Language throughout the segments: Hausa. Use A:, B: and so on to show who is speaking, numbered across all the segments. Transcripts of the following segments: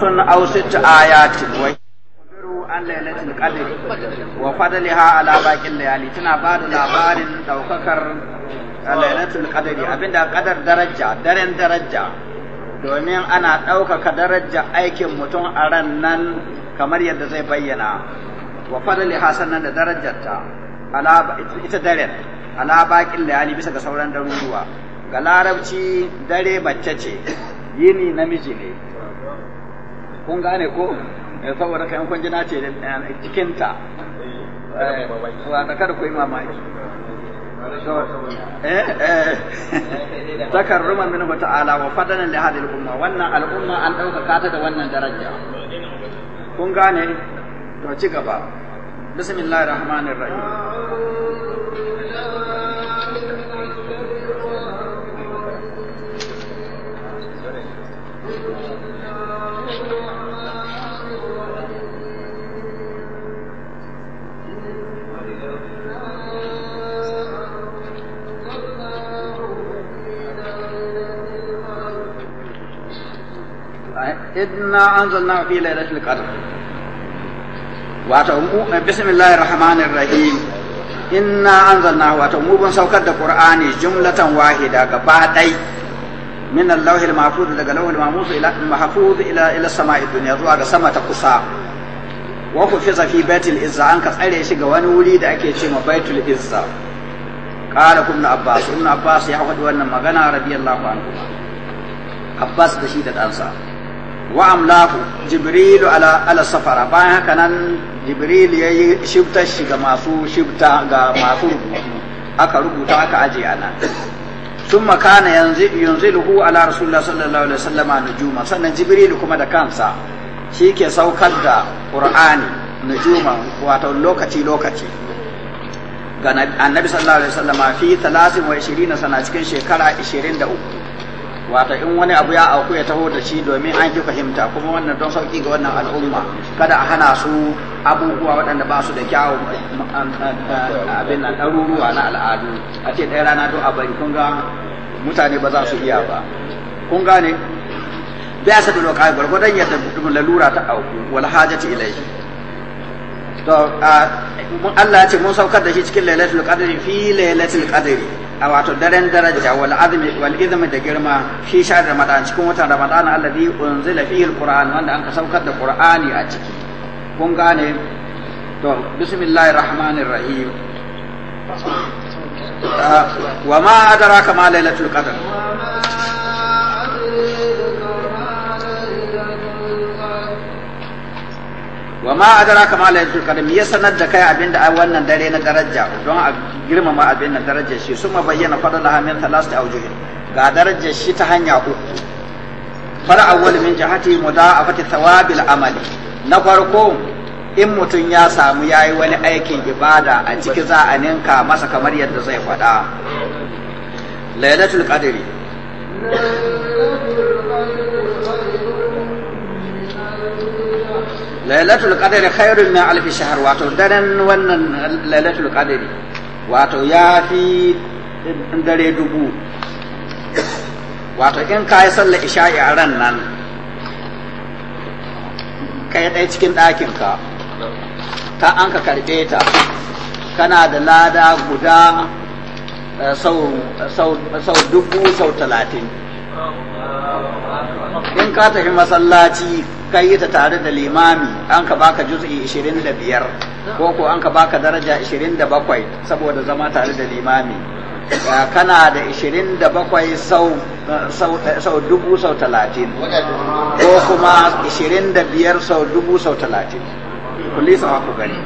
A: khamsun aw sitt ayatin wa yukhbiru an lailatul qadr wa fadliha ala baqil layali tana ba da labarin daukakar lailatul qadr abinda qadar daraja daren daraja domin ana ɗaukaka daraja aikin mutum a ran nan kamar yadda zai bayyana wa fadli hasanan da darajarta ala ita daren ala baqil layali bisa ga sauran daruruwa ga larabci dare mace ce yini namiji ne kun gane ko eh, saboda kai kun ji na ce eh, cikin ta eh, wanda kada ku yi mamaki ruman min wa ta'ala wa fadana li hadhihi al-umma wannan al-umma an dauka ta da wannan daraja kun gane to ci gaba bismillahir rahmanir rahim inna anzalna fi lailatul qadr wato mu bismillahir rahmanir rahim inna anzalna wato mu ban saukar da qur'ani jumlatan wahida gaba dai min allahil mahfuz daga lawhil mahfuz ila mahfuz ila ila sama'i dunya zuwa ga sama ta kusa wa ku fi zafi baitul izza an ka tsare shi ga wani wuri da ake cewa baitul izza qala ibn abbas ibn abbas ya faɗi wannan magana radiyallahu anhu abbas da shi da dansa. wa amlahu jibrilu ala ala safara bayan haka nan jibril ya yi shibtar shi ga masu shibta ga masu rubutu aka rubuta aka aje ana sun makana yanziluhu ala rasulullah sallallahu alaihi wasallama nujuma sannan jibril kuma da kansa shi ke saukar da qur'ani nujuma wato lokaci lokaci ga annabi sallallahu alaihi wasallama fi 23 sana cikin shekara 23 wata in wani abu ya auku ya taho da shi domin an ki fahimta kuma wannan don sauki ga wannan al'umma kada a hana su abubuwa waɗanda ba su da kyawu abin nan ɗaruruwa na al'adu a ce ɗaya rana don a bari kun ga mutane ba za su iya ba kun gane bai asa da lokaci gwargwadon yadda lalura ta auku wal hajati ilai to Allah ya ce mun saukar da shi cikin lailatul qadri fi lailatul qadri a wato daren daraja wal azmi wal izmi da girma fi sha ramadan cikin watan ramadan alladhi unzila fihi alquran wanda an ka saukar da qur'ani a ciki kun gane to bismillahir rahmanir rahim ah, wa ma adraka ma lailatul qadr wa ma adraka ma laylatul qadr ya sanar da kai abinda ai wannan dare na daraja don a girmama abin nan darajar shi ma bayyana fadalaha min thalathati awjuh ga darajar shi ta hanya uku fara awwal min jihati mudafati thawabil amali na farko in mutum ya samu yayi wani aikin ibada a ciki za a ninka masa kamar yadda zai faɗa lailatul qadri lailatul qadari khairun min alf shahr wato daren wannan lailatul qadari wato ya fi dare dubu wato in ka yi sallar isha'i a ran nan ka yi ɗaya cikin ɗakinka ta an ka karɓe ta kana da lada guda eh, sau dubu sau talatin in ka tafi masallaci kai yi ta tare da limami an ka baka juz'i 25 ko ko an ka baka daraja 27 saboda zama tare da limami kana da 27 sau sau dubu sau talatin ko kuma 25 sau dubu sau talatin kulli sa ku gani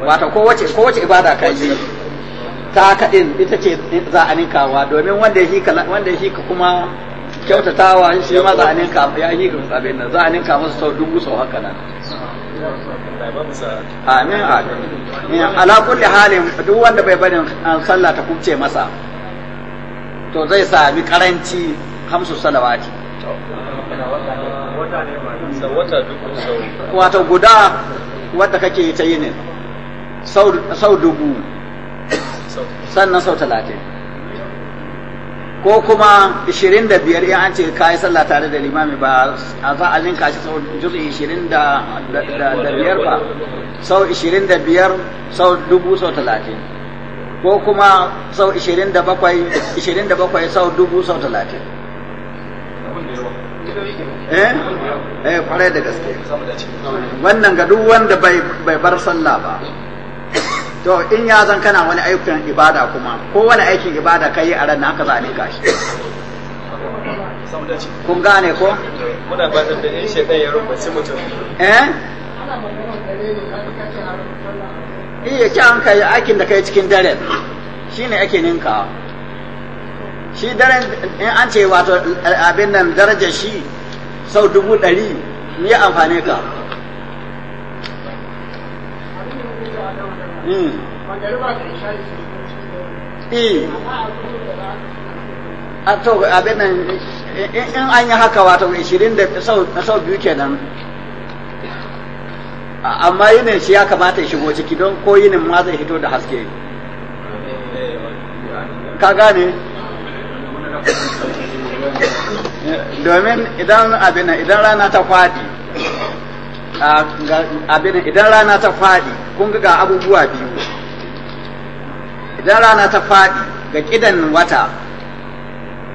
A: wata kowace kowace ibada kai taka din ita ce za a ninkawa domin wanda ya hika wanda ya shika kuma kyautatawa shi ma za a ninka ya musu abin nan za a ninka musu sau dubu sau haka nan amin
B: amin ala kulli halin
A: duk wanda bai bari an ah, sallah ta kubce masa to zai sami karanci hamsu salawati wata guda wadda kake ta yinin sau dubu sannan sau talatin ko kuma 25 in an ce ka yi sallah tare da limami ba a za a linka shi sau juz'i 25 ba sau 25 sau dubu sau talatin ko kuma sau 27 27 sau dubu sau talatin eh eh kware da gaske wannan ga duk wanda bai bar sallah ba to in ya zan kana wani aikin ibada kuma ko wani aikin ibada kai a ran za a ka shi kun gane ko muna ba da in shekai ya rubuce mutum eh iya ci an kai aikin da kai cikin dare shine ake ninka shi daren in an ce wato eh, abin nan darajar shi sau dubu ɗari ni amfane ka a to abin nan in an yi haka wato 20 da sau biyu nan. amma yinin shi ya kamata ya shigo ciki don ko yinin ma zai hito da haske ka gane domin idan abin idan rana ta kwadi. abin idan rana ta faɗi kun ga abubuwa biyu idan rana ta faɗi ga kidan wata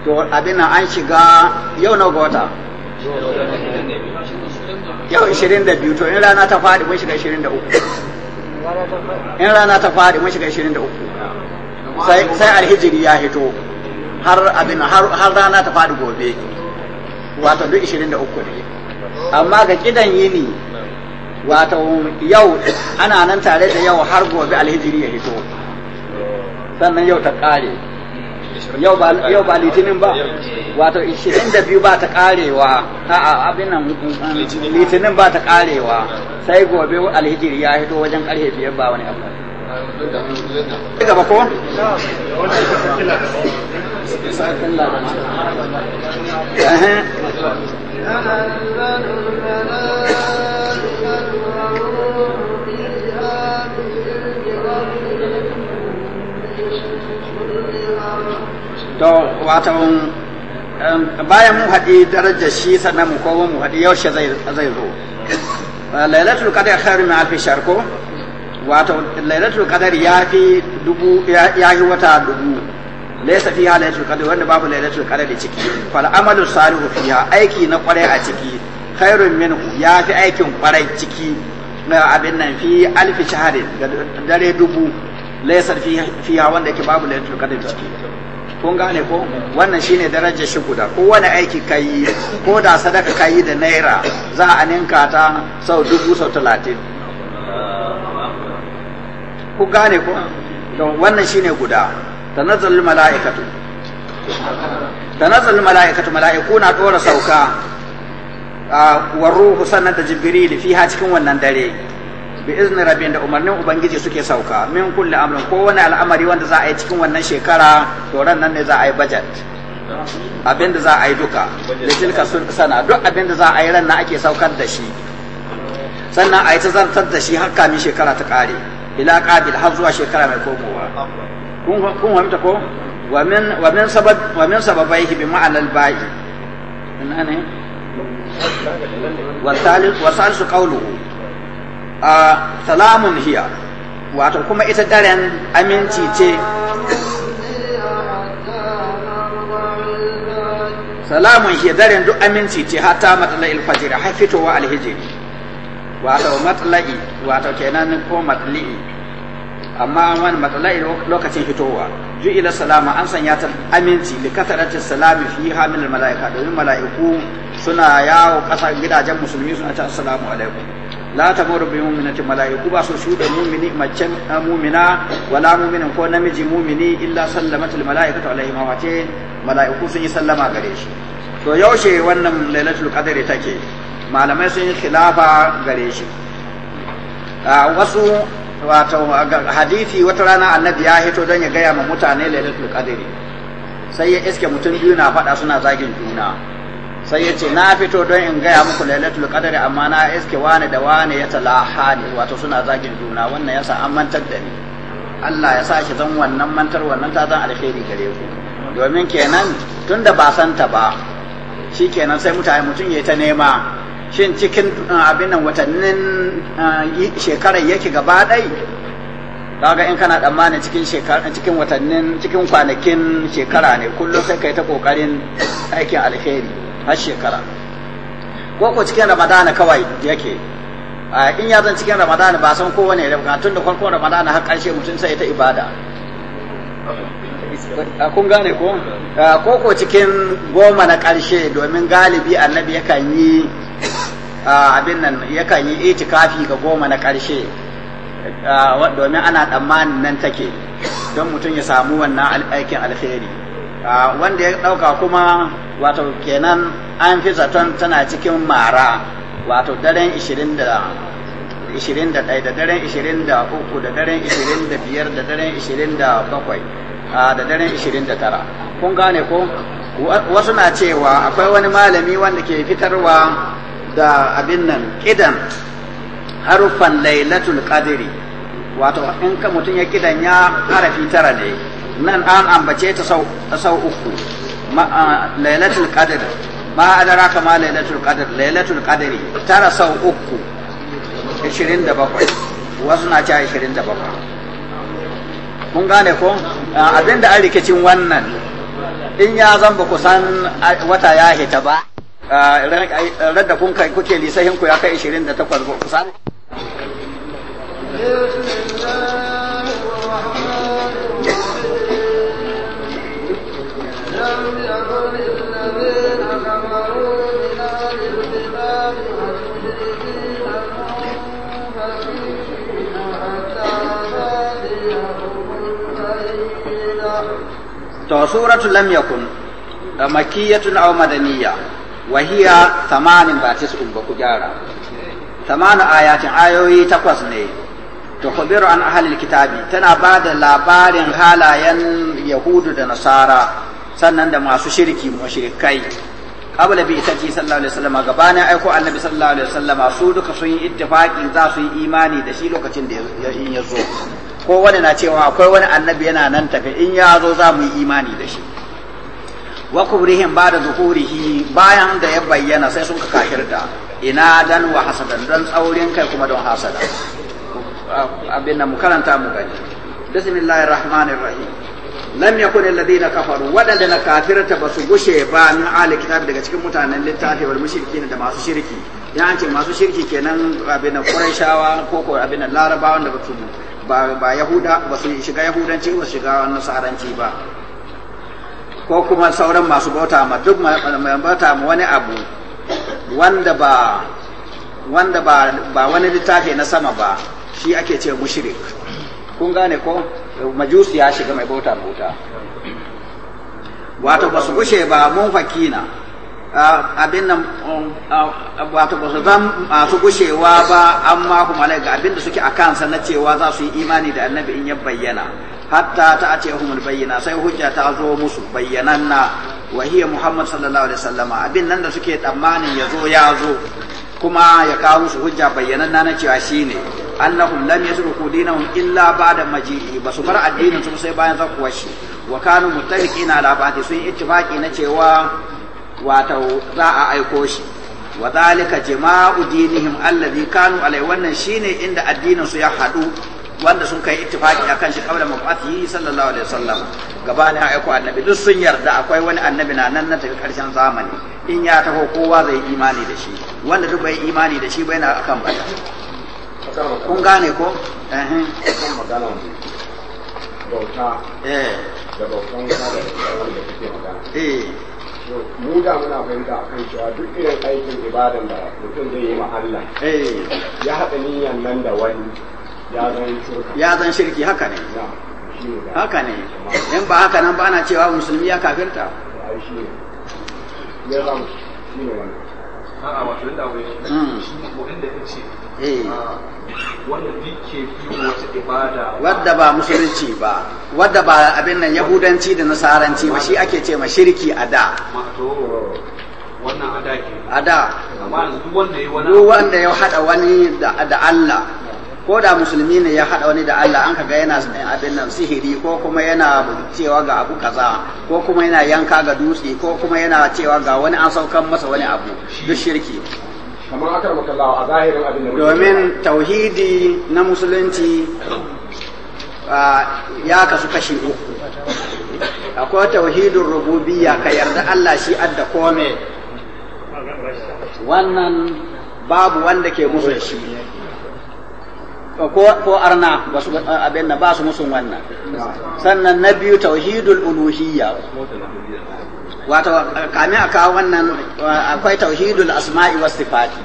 A: to abin an shiga yau na ga wata yau 22 to in rana ta faɗi mun shiga 23 in rana ta faɗi mun shiga 23 sai alhijiri ya hito har abin har rana ta faɗi gobe wato duk 23 ne amma ga kidan yini wato yau ana nan tare da yau har gobe alhijiri ya hito sannan yau ta kare yau ba litinin ba wato 22 ba ta karewa a abin nan litinin ba ta karewa sai gobe alhijiri ya hito wajen karfe biyar ba wani abu gaba ko? to wata um, bayan mun haɗi darajar shi sannan mu kowa mu haɗi yaushe zai zo uh, lailatul qadar khairu min alfi shahr ko wato lailatul qadar ya fi dubu ya yi wata dubu laysa fi lailatul qadar wanda babu lailatul qadar da ciki fal amalu salihu fiha aiki na kwarai a ciki khairu min ya fi aikin kwarai ciki na abin nan fi alfi shahrin dare dubu laysa fi fiha wanda yake babu lailatul qadar da ciki kun gane ko wannan shine darajar shi guda ko wani aiki ka yi ko da sadaka ka yi da naira za a ninka ta sau dubu sau talatin ku gane ko wannan shine guda tanazzalul mala'ikatu tanazzalul mala'ikatu mala'iku na dora sauka wa ruhu sannan da jibril fiha cikin wannan dare bi izni rabin da umarnin ubangiji suke sauka min kulli amrin ko wani al'amari wanda za a yi cikin wannan shekara to ran nan ne za a yi budget abinda za a yi duka da tilka sana duk abinda za a yi ran na ake saukar da shi sannan a yi ta zartar da shi har kamin shekara ta kare ila qabil har zuwa shekara mai komowa kun kun hamta ko wa min wa min sabab wa min sababaihi bi ma'anal ba'i ina ne wa salis wa salisu qawluhu a salamun hiya wato kuma ita daren aminci ce salamun hiya daren duk aminci ce hata matsala'il fajira har fitowa alhijiri wato matsala'i wato kenan ko matsali'i amma wani matsala'i lokacin fitowa ju'ila salama an sanya ta aminci da katarati salami fi hamilin mala'ika domin mala'iku suna yawo ƙasa gidajen musulmi suna ta assalamu alaikum la ta mawar bi mu'minatin mala'iku ba su shuɗe mu'mini mace mu'mina wala mu'minin ko namiji mu'mini illa sallamatul mala'ikatu alaihi ma wace mala'iku sun yi sallama gare shi to yaushe wannan lailatul qadri take malamai sun yi khilafa gare shi a wasu wato hadisi wata rana annabi ya hito don ya gaya ma mutane lailatul qadri sai ya iske mutum biyu na faɗa suna zagin juna sai ya ce na fito don in gaya muku lailatul qadari amma na iske wane da wane ya talaha ne wato suna zagin juna wannan yasa an mantar da ni Allah ya sake zan wannan mantar wannan ta zan alheri gare ku domin kenan tunda ba san ta ba shi kenan sai mutane mutum ya ta nema shin cikin uh, abin nan watannin uh, shekarar yake gaba ɗai kaga in kana tsammanin cikin cikin watannin cikin kwanakin shekara ne kullum sai kai ta kokarin aikin alheri har shekara ko ko cikin ramadana kawai yake in ya zan cikin ramadana ba san kowane rabga tun da farkon ramadana har karshe mutum sai ta ibada a kun gane ko ko ko cikin goma na karshe domin galibi annabi yakan yi abin nan yakan yi itikafi ga goma na karshe domin ana tsammanin nan take don mutum ya samu wannan aikin alheri Ah, wanda ya ɗauka kuma wato kenan an fi zaton tana cikin mara wato daren 21 da daren 23 da daren 25 da daren 27 ah, da daren 29 kun gane ko wasu na cewa akwai wani malami wanda ke fitarwa da abin nan kidan haruffan lailatul qadri wato in ka mutum ya kidan ya harafi tara ne nan an ambace ta sau sau uku lailatul qadr ma adraka ma lailatul qadr lailatul qadri tara sau uku 27 wasu na ci 27 kun gane ko abinda an rikicin wannan in ya zan ba ku san wata ya hita ba radda kun kai kuke lisahin ku ya kai 28 ba ku san to suratu lam yakun uh, makiyatun aw madaniya wa hiya thamanin ba tis'un ba ku gyara thamanu ayatin ayoyi takwas ne to khabiru an ahli kitabi tana ba da labarin halayen yahudu da nasara sannan da masu shirki mushrikai qabla bi itati sallallahu alaihi wasallam gabanin aiko annabi sallallahu alaihi su duka sun yi ittifaqi za su yi imani da shi lokacin da ya zo ko wani na cewa akwai wani annabi yana nan tafi in ya zo za mu yi imani da shi wa kubrihim ba da zuhurihi bayan da ya bayyana sai sun ka kafirta ina dan wa hasadan don tsaurin kai kuma don hasada abin da mu karanta mu gani bismillahir rahmanir rahim lam yakun alladhina kafaru wadanda na kafirta ba su gushe ba min ahli kitab daga cikin mutanen littafi wal mushrikin da masu shirki ya ce masu shirki kenan abin da quraishawa ko ko abin da larabawan da ba su ba ba yahuda ba su shiga yahudanci ba su shiga nasaranci ba ko kuma sauran masu bauta ma duk mai bauta ma wani abu wanda ba wanda ba ba wani littafi na sama ba shi ake ce mushrik kun gane ko majusi ya shiga mai bauta bauta wato ba su gushe ba mun fakina abin nan um, wato ba su zan masu gushewa ba an mahu malaika abin da suke a kansa na cewa za su yi imani da annabi in ya bayyana hatta ta a ce humul bayyana sai hujja ta zo musu bayyananna wa hiya muhammad sallallahu alaihi wasallama abin nan da suke tsammanin ya zo ya zo kuma ya kawo musu hujja bayyananna na cewa ne annahum lam yasruku dinahum illa ba'da maji'i ba su bar addinin su sai bayan zakwashi shi wa kanu muttafiqina ala ba'di sun ittifaqi na cewa wato za a aiko shi wa zalika jima'u dinihim allazi kanu alai wannan shine inda addinin su ya hadu wanda sun kai ittifaki akan shi kabla mab'athi sallallahu alaihi wasallam gabanin aiko annabi duk sun yarda akwai wani annabi na nan na tafi karshen zamani in ya taho kowa zai imani da shi wanda duk bai imani da shi bai na akan bata kun gane ko eh eh da magana eh mu da muna fahimta a kan cewa duk irin aikin ibadan da ya zan shirki haka ne haka ne in ba haka nan ba ana cewa musulmi ya kafirta
B: ya zan shi ne wani a'a wato inda wai mm. shi ko inda kace eh ah, wanda yake
A: biyo wata ibada wadda ba musulunci ba wadda ba abin nan yahudanci da nasaranci ba shi ake ce ma shirki a da
B: wannan a ke a da amma duk wanda ya wani duk wanda ya
A: hada wani da Allah ko da musulmi ne ya haɗa wani da Allah an kaga yana abin nan sihiri ko kuma yana cewa ga abu kaza ko kuma yana yanka ga dutse ko kuma yana cewa ga wani an saukan masa wani abu duk shirki a zahirin abin domin tauhidi na musulunci ya kasu kashi uku akwai tauhidin rububiyya ka yarda Allah shi adda kome wannan babu wanda ke musu shi ko arna wasu abin ba su musun wannan sannan na biyu tauhidul uluhiyya wato kame a kawo wannan akwai tauhidul asma'i was sifati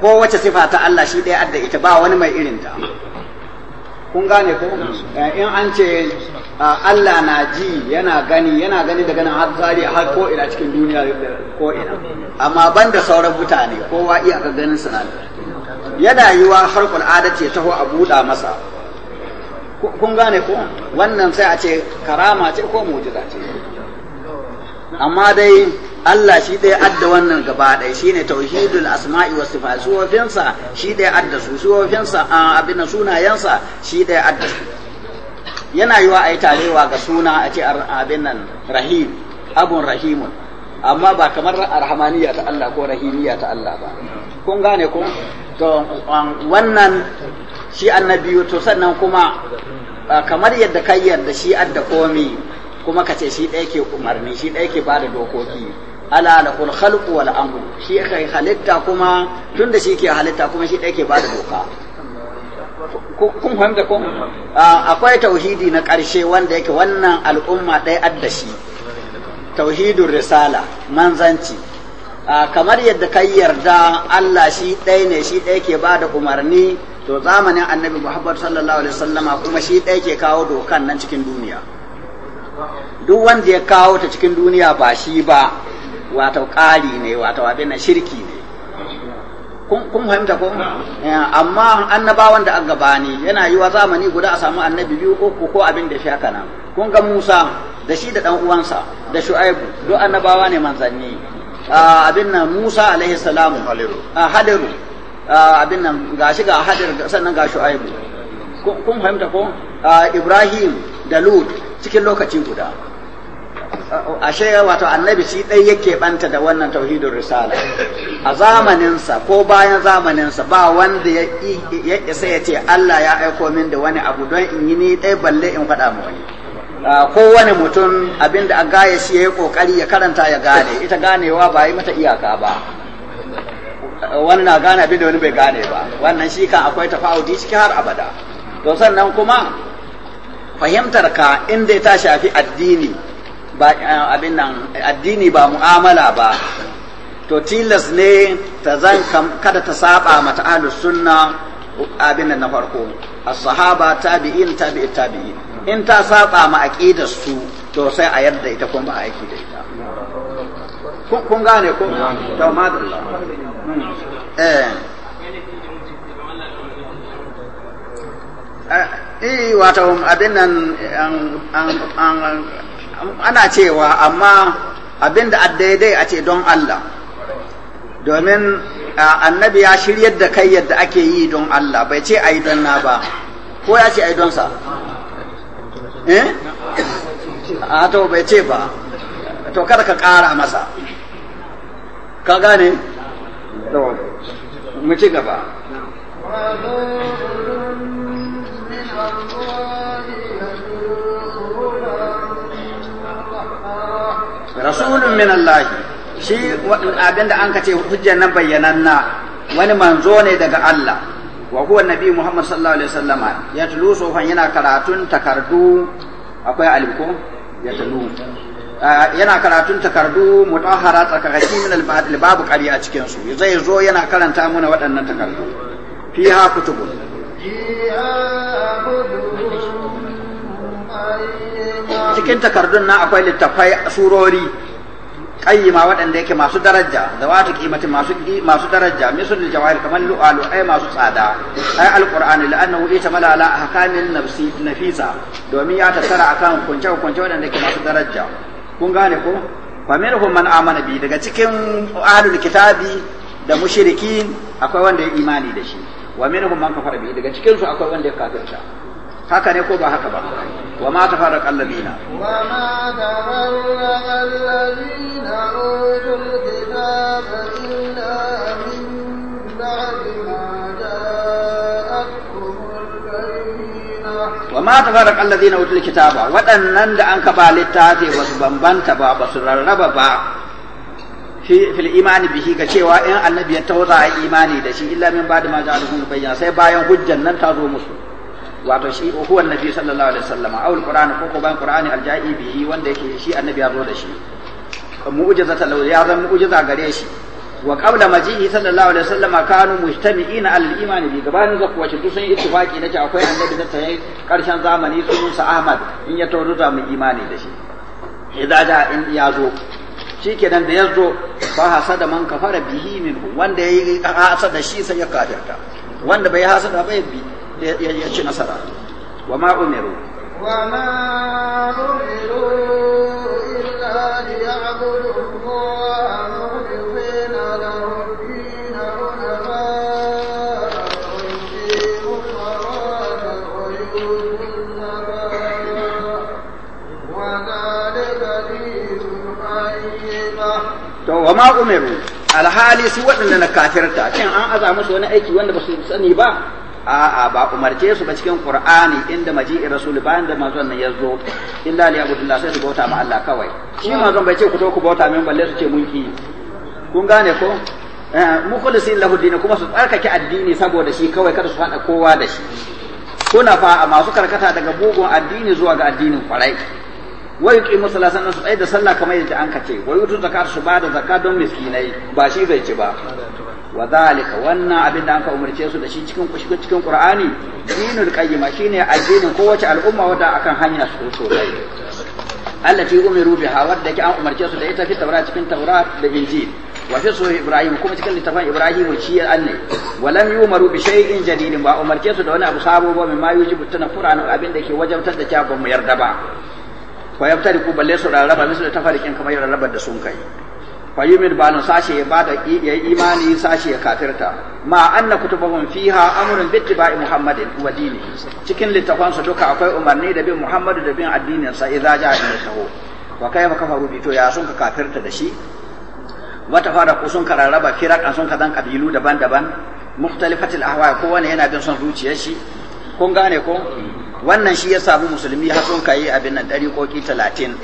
A: ko wace sifa ta Allah shi ɗaya adda ita ba wani mai irin ta kun gane ko eh, in an ce Allah na ji yana gani yana gani da ganin har har ko ina cikin duniya ko ina amma banda sauran mutane kowa iya ga ganin sanar yana yi wa harkul adati ce taho a buɗa masa kun gane ko wannan sai a ce karama ce ko mujiza ce amma dai Allah shi ɗaya adda wannan gaba ɗaya shi ne tauhidul asma'i wa sifat suwafinsa shi ɗaya adda su suwafinsa abin da sunayensa shi ɗaya adda su yana yi wa a yi tarewa ga suna a ce abin nan rahim abun rahimun amma ba kamar arhamaniya ta Allah ko rahimiya ta Allah ba kun gane ko to um, wannan shi annabiyu to sannan kuma uh, kamar yadda kai yarda shi adda komi kuma ka ce shi ɗaya ke umarni shi ɗaya ke ba da dokoki ala lahul khalqu wal amru shi kai halitta kuma tunda shi ke halitta kuma shi ɗaya ke ba da doka kun fahimta ko uh, akwai tauhidi na ƙarshe wanda yake wannan al'umma ɗaya adda shi tauhidun risala manzanci kamar yadda ka yarda Allah shi ɗaya ne shi ɗaya ke ba da umarni to zamanin annabi Muhammad sallallahu alaihi wasallama kuma shi ɗaya ke kawo dokan nan cikin duniya duk wanda ya kawo ta cikin duniya ba shi ba wato ƙari ne wato abin na shirki ne kun fahimta ko amma annabawan da an gabani yana yi wa zamani guda a samu annabi biyu ko ko abin da shi kana kun ga Musa da shi da ɗan uwansa da Shu'aibu duk annabawa ne manzanni Ah, abin nan Musa alaihi salamu hadiru ah, ah, abin nan gashi ga hadir sannan ga shu'aibu kun fahimta ko Ibrahim da Lut cikin lokaci guda ashe wato annabi shi dai yake banta da wannan Tauhidur risala a zamaninsa ko bayan zamaninsa ba wanda ya isa ya ce Allah ya aiko min da wani abu don in yi ni dai balle in faɗa ma wani Ah, kowane mutum abinda a gaya shi ya yi kokari ya karanta ya gane ita ganewa ba yi mata iyaka ba wani na gane abinda wani bai gane ba wannan shi kan akwai tafa'udi ciki har abada to sannan kuma fahimtar ka inda ta shafi addini ba ah, abin nan addini ba mu'amala ba to tilas ne ta zan kada ta saba mata ahlus sunna abin nan na farko as-sahaba tabi'in tabi'in tabi'in in ta saba ma aqidar su to sai a yarda ita kuma ba aiki da ita kun gane ko to madalla
B: hmm.
A: eh. eh eh wato abin nan ana cewa amma abin da daidai a ce don Allah domin annabi ya shiryar da kai yadda ake yi don Allah bai ce a yi don na ba ko ya ce a yi don sa eh ah, to bai ce ba to kada ka ƙara masa ka gane mu ci gaba rasulun min Allah shi abinda an ka ce hujjar na bayyananna wani manzo ne daga Allah wa huwa nabi Muhammad sallallahu alaihi wasallama ya tulu sofan yana karatun takardu akwai alimko ya tulu ah, yana karatun takardu mutahara tsakakaki min al babu qari a cikin su zai zo yana karanta mana waɗannan takardu fiha kutubun cikin takardun nan akwai littafai surori qayyima waɗanda yake masu daraja da zawatu qimatin masu masu daraja da jawahir kamar lu'alu ay masu tsada ay alqur'anu la'annahu itamala ala ahkamin nafsi nafisa domin ya tattara akan kunce kunce waɗanda yake masu daraja kun gane ko fa minhum man amana bi daga cikin ahlul kitabi da mushrikin akwai wanda ya imani da shi wa minhum man kafara bi daga cikin su akwai wanda ya kafirta haka ne ko ba haka ba وما تفرق الذين وما
C: تفرق الذين أوتوا الكتاب إلا من بعد ما جاءتهم
B: البينة
A: وما تفرق الذين أوتوا الكتاب وأنن أن كبالتاتي وسبنبنت بابا سررب با في الإيمان به كشيء إن النبي يتوضع إيماني دشي إلا من بعد ما جاءتهم البينة سيبايا حجة ننتظر مسلم wato shi huwa annabi sallallahu alaihi wasallam aw alquran ko ko ban qur'ani aljai bihi wanda yake shi annabi ya zo da shi mu'jiza ta ya zan mu'jiza gare shi wa qabla majihi sallallahu alaihi wasallam kanu mujtami'ina ala al-iman bi gabanin zakuwa duk sun ittifaqi nace akwai annabi da tayi karshen zamani sunansa Ahmad in ya tauro da mu imani da shi idan da in ya zo shikenan da ya zo fa hasada man kafara bihi minhu wanda yayi hasada shi sai ya kafirta wanda bai hasada bai bi ya ci nasara wa ma umiru
C: wa ma umiru illa li Allah
A: to wa ma umiru alhali su waɗanda na kafirta cin an aza musu wani aiki wanda ba su sani ba a'a ba umarce su ba cikin qur'ani inda maji'i rasul bayan da manzon nan zo. illa li abudullah sai su bauta ma Allah kawai shi manzon bai ce ku to ku bauta min balle su ce mun ki kun gane ko eh, mukhlisin lahu dinu kuma su tsarkake addini saboda shi kawai kada su haɗa kowa da shi kuna fa masu karkata daga bugun addini zuwa ga addinin kwarai wai yuqi musalla sannan su tsaye da sallah kamar yadda an kace wai yutu zakat su ba da zakat don miskinai ba shi zai ci ba wa zalika wannan abin da an anka umarce su da shi cikin cikin cikin Qur'ani dinul qayyima shine addinin kowace al'umma wadda akan hanya su so allati umiru biha wadda ke an umarce su da ita fi tawrat cikin tawrat da injil wa fi sura ibrahim kuma cikin littafin ibrahim shi ya anne wa lam yumaru bi shay'in jadidin ba umarce su da wani abu sabo ba mai ma yujibu tanaffur an abin da ke wajabtar da cewa ba mu yarda ba fa yaftariku balle su rarraba misu da tafarikin kamar rarrabar da sun kai fa yumin ba sashe ya bada ya imani sashe ya kafirta ma anna kutubahum fiha amrun bi ittiba'i muhammadin wa dini. cikin littafan su duka akwai umarni da bin muhammadu da bin addinin sa idza ja'a ila tahu wa kayfa kafaru bi to ya sun ka kafirta da shi wata fara ku sun kararraba firaka sun kazan kabilu daban-daban mukhtalifatil ahwa kowane yana bin son zuciyar shi kun gane ko wannan shi ya samu musulmi har sun kai abin nan dariƙoƙi talatin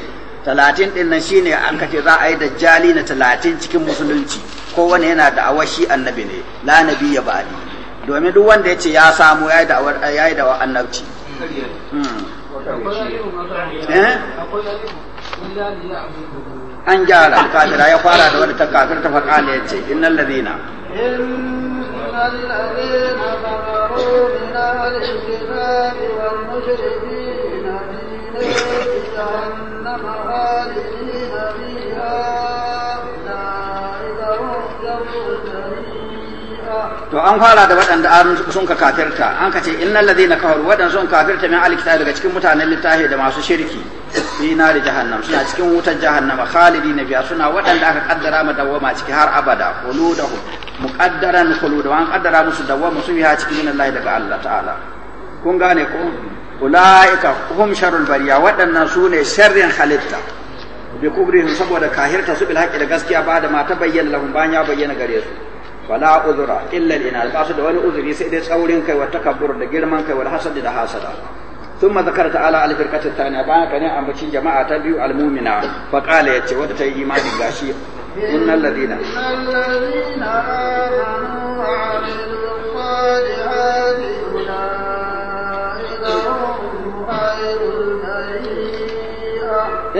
A: talatin ɗin nan shine an kace za a yi dajjali na talatin cikin musulunci kowane yana da awashi annabi ne la nabi ya ba'adi domin duk wanda ya ce ya da ya yi da annabci hmm. eh? an gyara kafira ya fara da wani takafir ta faƙa ne ya ce innal ladina
C: الذين كفروا
A: to an fara da waɗanda an sun ka kafirta an ka ce innal ladina kafaru waɗanda sun kafirta min alkitab daga cikin mutanen littafi da masu shirki fi nari jahannam suna cikin wutar jahannama khalidina biya suna waɗanda aka kaddara ma dawwama ciki har abada khuludahu muqaddaran khuludahu an kaddara musu dawwama su biya cikin minallahi daga Allah ta'ala kun gane ko ulaika hum sharrul bariya waɗannan su ne sharrin halitta bi kubrihim saboda kahirta su bil haqqi da gaskiya ba da mata bayyana lahum ban ya bayyana gare su wala uzura illa al da wani uzuri sai dai tsaurin kai wa takabbur da girman kai wal hasad da hasada ثم ذكر تعالى الفرقة الثانية بعد كان أمبتشي جماعة تبيو المؤمنة فقال يتشي ودت إيمان الغاشي
C: إن الذين إن الذين آمنوا وعملوا الصالحات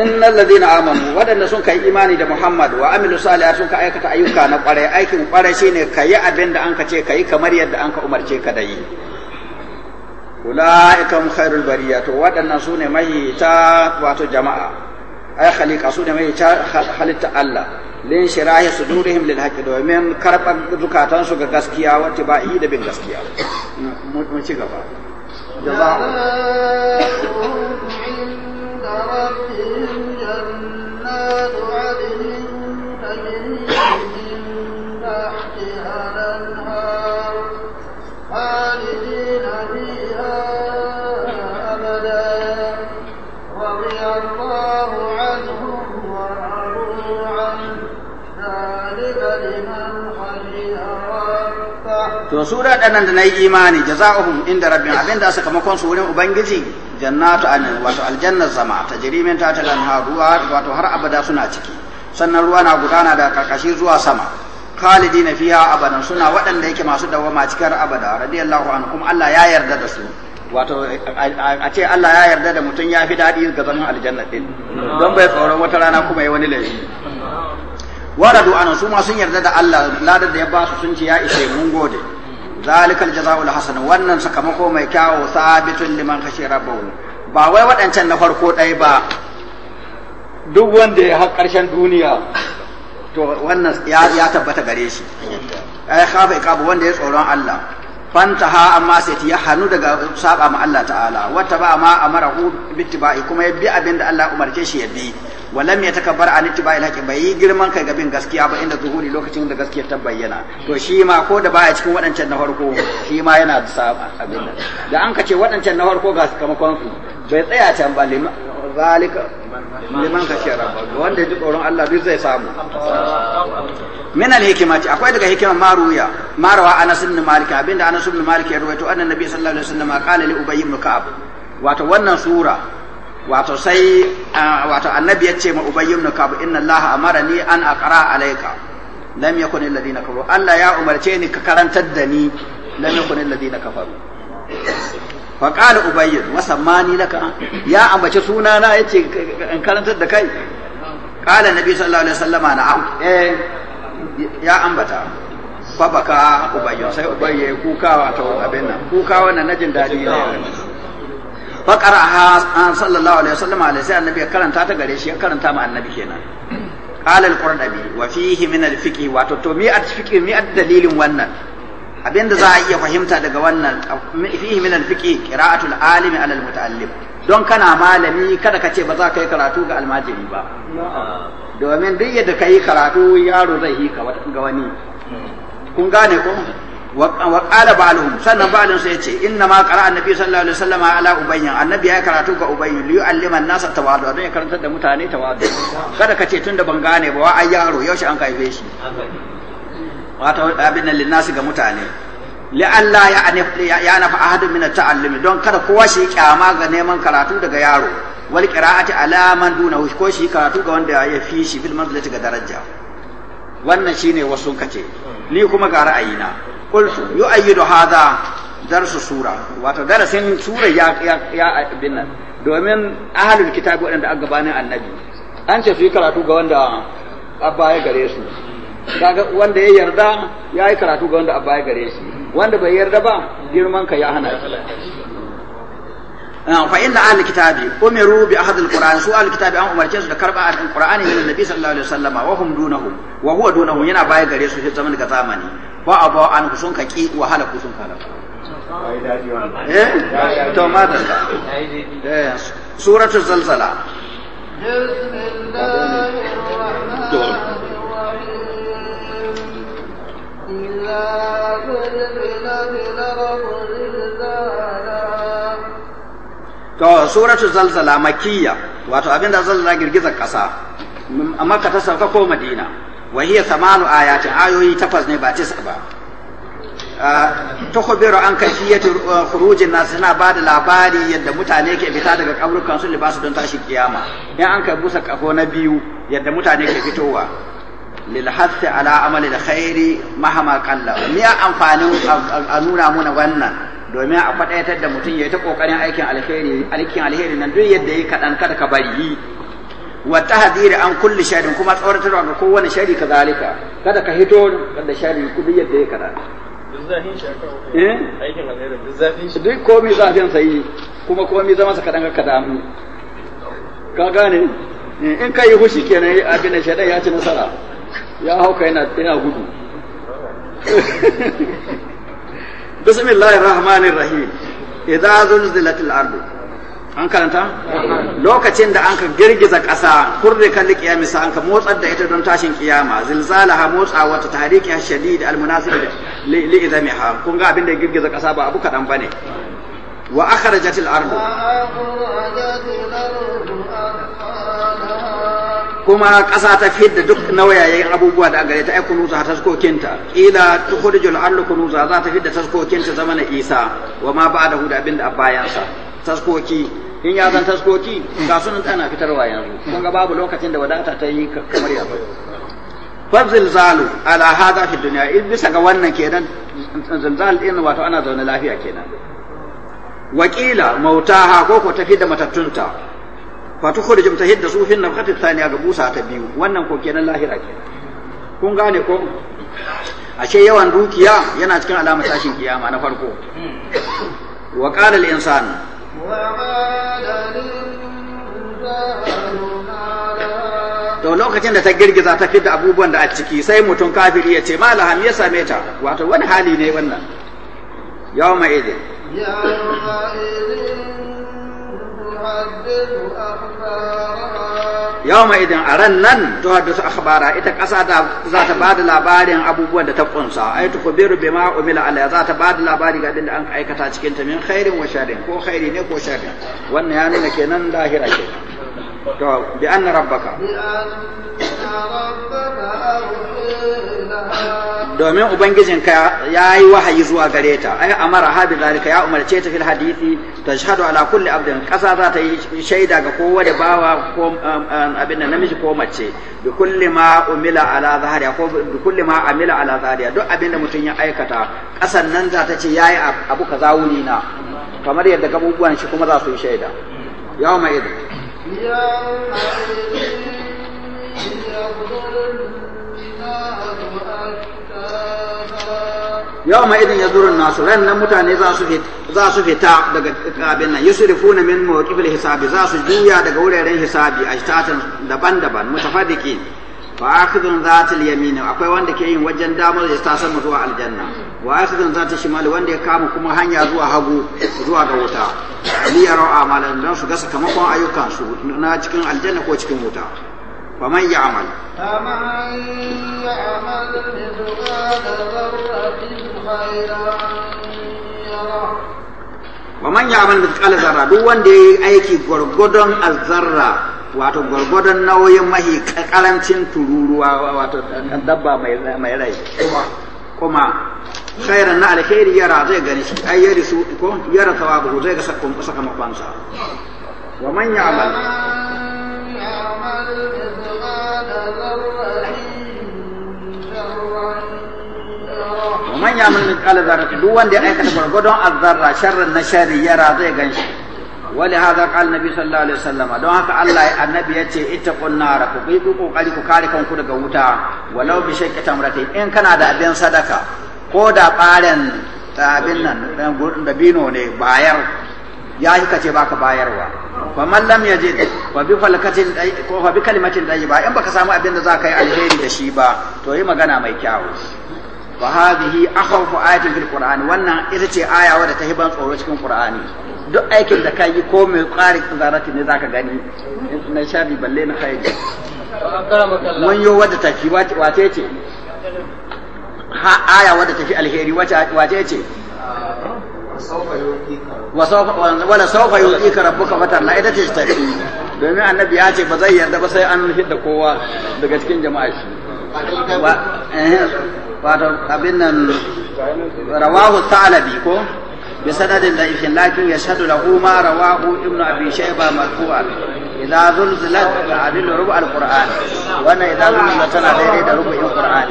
B: innal
A: ladina amanu wadanda sun kai imani da Muhammad wa amilu salihat sun ka aikata ayyuka na kwarai aikin kwarai shine kayi abin da anka ce kayi kamar yadda anka umarce ka da yi ulaika hum khairul bariyah sune mai ta wato jama'a ay khaliqa sune mai ta halitta Allah lin shirahi sudurihim lil haqqi domin karban zukatan su ga gaskiya wa tibai da bin gaskiya mu ci gaba jazaa'u to su da nan da na yi imani jaza'uhum inda rabbin abinda su kamakon su wurin ubangiji jannatu anan wato aljannar zama ta jirimin ta ta ruwa wato har abada suna ciki sannan ruwa na gudana da karkashi zuwa sama khalidi na fiya abadan suna waɗanda yake masu dawama cikin abada radiyallahu anhu kuma Allah ya yarda da su wato a ce Allah ya yarda da mutum ya fi daɗi ga zaman aljanna din don bai tsoron wata rana kuma ya wani laifi waradu anan su ma sun yarda da Allah ladar da ya ba su sun ce ya ishe mun gode zalikal jazaa'ul hasan wannan sakamako mai kyawo sabitun liman kashi rabbahu ba wai waɗancan na farko ɗaya ba duk wanda ya har ƙarshen duniya to wannan ya tabbata gare shi ai khafa iqabu wanda ya tsoron Allah fantaha amma sai ya hannu daga saba ma Allah ta'ala wata ba ma amara hu bittiba'i kuma ya bi abinda Allah umarce shi ya bi walam ya takabbar an ila haqqi bai yi girman kai gabin gaskiya ba inda zuhuri lokacin da gaskiya ta bayyana to shi ma ko da baya cikin waɗancan na farko shi ma yana da saba abin nan da an kace waɗancan na farko ga sakamakon su bai tsaya can ba liman zalika liman shi rabba wanda ji tsoron Allah duk zai samu min al hikimati akwai daga hikima maruya marawa Anas ibn Malik abinda Anas ibn Malik ya rawaito annabi sallallahu alaihi wasallam qala li Ubay ibn Ka'ab wato wannan sura wato sai wato annabi ya ce ma ubayy ibn kab inna allah ni an aqra alayka lam yakun alladhina kafaru allah ya umarce ni ka karantar da ni lam yakun alladhina kafaru fa qala ubayy wasammani laka ya ambace suna na yace in karantar da kai qala nabi sallallahu alaihi wasallama na'am eh ya ambata fa baka ubayy sai ubayy kuka wato abin nan kuka wannan najin dadi ne fa ha ah, sallallahu alaihi wasallam alaihi sai annabi ya karanta ta gare shi ya karanta ma annabi kenan qala al wa fihi min alfiqi wa wato to mi at mi dalilin wannan abinda za a iya fahimta daga wannan fihi min alfiqi qira'atu alalimi ala almutaallim mutaallim don kana malami kada ka ce ba za ka yi karatu ga almajiri ba domin duk yadda ka yi karatu yaro zai yi ga wani kun gane ko wa qala ba'alhum sannan ba'alhum sai yace inna ma qara annabi sallallahu alaihi wasallam ala ubayyin annabi ya karatu ga ubayyin li yu'allima an-nas tawadu don ya karantar da mutane tawadu kada ka ce tunda ban gane ba wa ai yaro yaushe an kaife shi wato abin nan linnas ga mutane li alla ya anif ya nafa ahad min at-ta'allum don kada kowa shi kyama ga neman karatu daga yaro wal qira'ati ala man duna ko shi karatu ga wanda ya fi shi bil manzilati ga daraja wannan shine wasu kace ni kuma ga ra'ayina qultu yu'ayyidu hadha darsu sura wato darasin sura ya ya abin nan domin ahlul kitabi waɗanda an gabanin annabi an ce su yi karatu ga wanda abba ya gare su kaga wanda ya yarda ya yi karatu ga wanda abba ya gare shi wanda bai yarda ba girman ka ya hana shi fa inna ahlul kitabi umiru bi ahad alquran su ahlul kitabi an umarce su da karba alqur'ani min annabi sallallahu alaihi wasallam wa hum dunahum wa huwa dunahum yana baya gare su shi zaman ga zamani wa abawa an kusun ka ki wa halaku ka
B: eh
C: to ma da
A: eh suratul zalzala To, suratu zalzala makiyya, wato abinda zalzala girgizar ƙasa, amma ka ta sauka ko madina. wa hiya samanu ayatin ayoyi takwas ne ba tisa ba tukhbiru an kayfiyati khurujin nas suna ba da labari yadda mutane ke fita daga kaburukan su libasu don tashi kiyama in an kai busa kafo na biyu yadda mutane ke fitowa lil hasi ala amali da khairi mahama qalla ni amfanin a nuna muna wannan domin a faɗaitar da mutum ya yi ta ƙoƙarin aikin alheri alheri nan duk yadda ya kaɗan kada ka bari wa tahdhir an kulli sharrin kuma tsoratarwa ga kowane sharri kazalika kada ka hito da sharri kuma yadda ya kada duk komai zafin eh? sayi kuma komi zama sa kadan ka damu ka gane eh, in kai hushi kenan eh, abin da shaidan ya ci nasara ya hauka yana yana gudu bismillahir rahmanir rahim idza zulzilatil ardu an karanta lokacin da an ka girgiza ƙasa kurri kan kiyamisa an ka motsar da ita don tashin kiyama zilzalaha motsawa ta tariki shadid almunasib li idamiha kun ga abin da girgiza ƙasa ba abu kaɗan bane wa akhrajatil ardu kuma ƙasa ta fidda duk nauyayen abubuwa da gare ta ai ƙila taskokinta ila tukhrijul ardu kunuza za ta fidda zama zamanin Isa wa ma ba da abinda a bayansa taskoki in ya zan taskoki ga sunan tana fitarwa yanzu kun ga babu lokacin da wadata ta yi kamar yanzu fazil zalu ala hada fi dunya in bisa ga wannan kenan zalzal din wato ana zaune lafiya kenan wakila mautaha ko ko tafi da matattunta fa tukhrijum tahidda su fin nafhati thaniya ga busa ta biyu wannan ko kenan lahira kenan kun gane ko ashe yawan dukiya yana cikin alamar tashin kiyama na farko wa qala al-insanu to lokacin da ta girgiza ta da abubuwan da a ciki sai mutum kafiri ya ce malaham ya same ta wato wani hali ne wannan yau ma idin yawma idan a ran nan to haddasu akhbara ita ƙasa za ta bada labarin abubuwan da ta kunsa ai to kubiru bima umila alai za ta bada labari ga da an aikata cikin ta min khairin wa sharrin ko khairi ne ko sharrin wannan ya nuna kenan lahira kenan to bi domin ubangijinka ya yi wahayi zuwa gare ta ai amara ha zalika ya umarce ta fil hadisi tashhadu ala kulli abdin kasa za ta yi shaida ga kowane bawa ko abin namiji ko mace bi kulli ma umila ala zahariya ko bi kulli ma amila ala zahariya duk abin da mutum ya aikata kasan nan za ta ce yayi abu kaza wuri na kamar yadda gabubuwan shi kuma za su yi shaida yawma idin yau ma idin ya zurin nasu ran nan mutane za su fita daga abin nan yusrifu na min mawqifil hisabi za su juya daga wuraren hisabi a ashtatan daban-daban mutafaddiqin fa akhidhun zatil yamin akwai wanda ke yin wajen damar ya ta san zuwa aljanna wa akhidhun zatil shimal wanda ya kama kuma hanya zuwa hagu zuwa ga wuta li yara amalan dan su ga sakamakon ayyukan su na cikin aljanna ko cikin wuta man ya amal
C: faman ya amal
A: wa man ya'mal mithqala zarra duk wanda yayi aiki gwargwadon azzarra wato gwargwadon nauyin mahi karancin tururuwa wato dabba mai rai kuma khairan na alheri yara zai gani shi ai yari su ko yara sawabu zai ga sakon sakamakonsa wa man ya'mal wa man ya'mal min qala dharra duk wanda ya aikata gwargwadon azzarra sharran na shari yara zai gan shi ولهذا قال النبي صلى الله عليه وسلم don haka Allah ya annabi ya ce ita kunnara ku bi ku kokari ku kare kanku daga wuta walau bi shakki in kana da abin sadaka ko da baren ta abin nan da bino ne bayar ya yi kace baka bayarwa fa man lam yajid fa bi falkatin ko fa bi kalimatin ba in baka samu abin da zaka yi alheri da shi ba to yi magana mai kyau. fa hadhihi akhawfu ayatin fil qur'ani wannan ita ce aya wadda ta hiban tsoro cikin qur'ani duk aikin da kai ko mai ƙari zarati ne zaka gani na shafi balle na kai mun yo wadda ta fi wace ce ha aya wadda ta fi alheri wace ce ita ce domin annabi ya ce ba zai yarda ba sai an hidda kowa daga cikin jama'a shi eh. wato abin nan rawahu sa'alabi ko bi sanadin da ifin lakin ya shadu da huma rawahu ibnu abi shaiba marfu'an idza zulzilat ta'dilu rubu alquran wannan idza zulzilat tana daidai da rubu alquran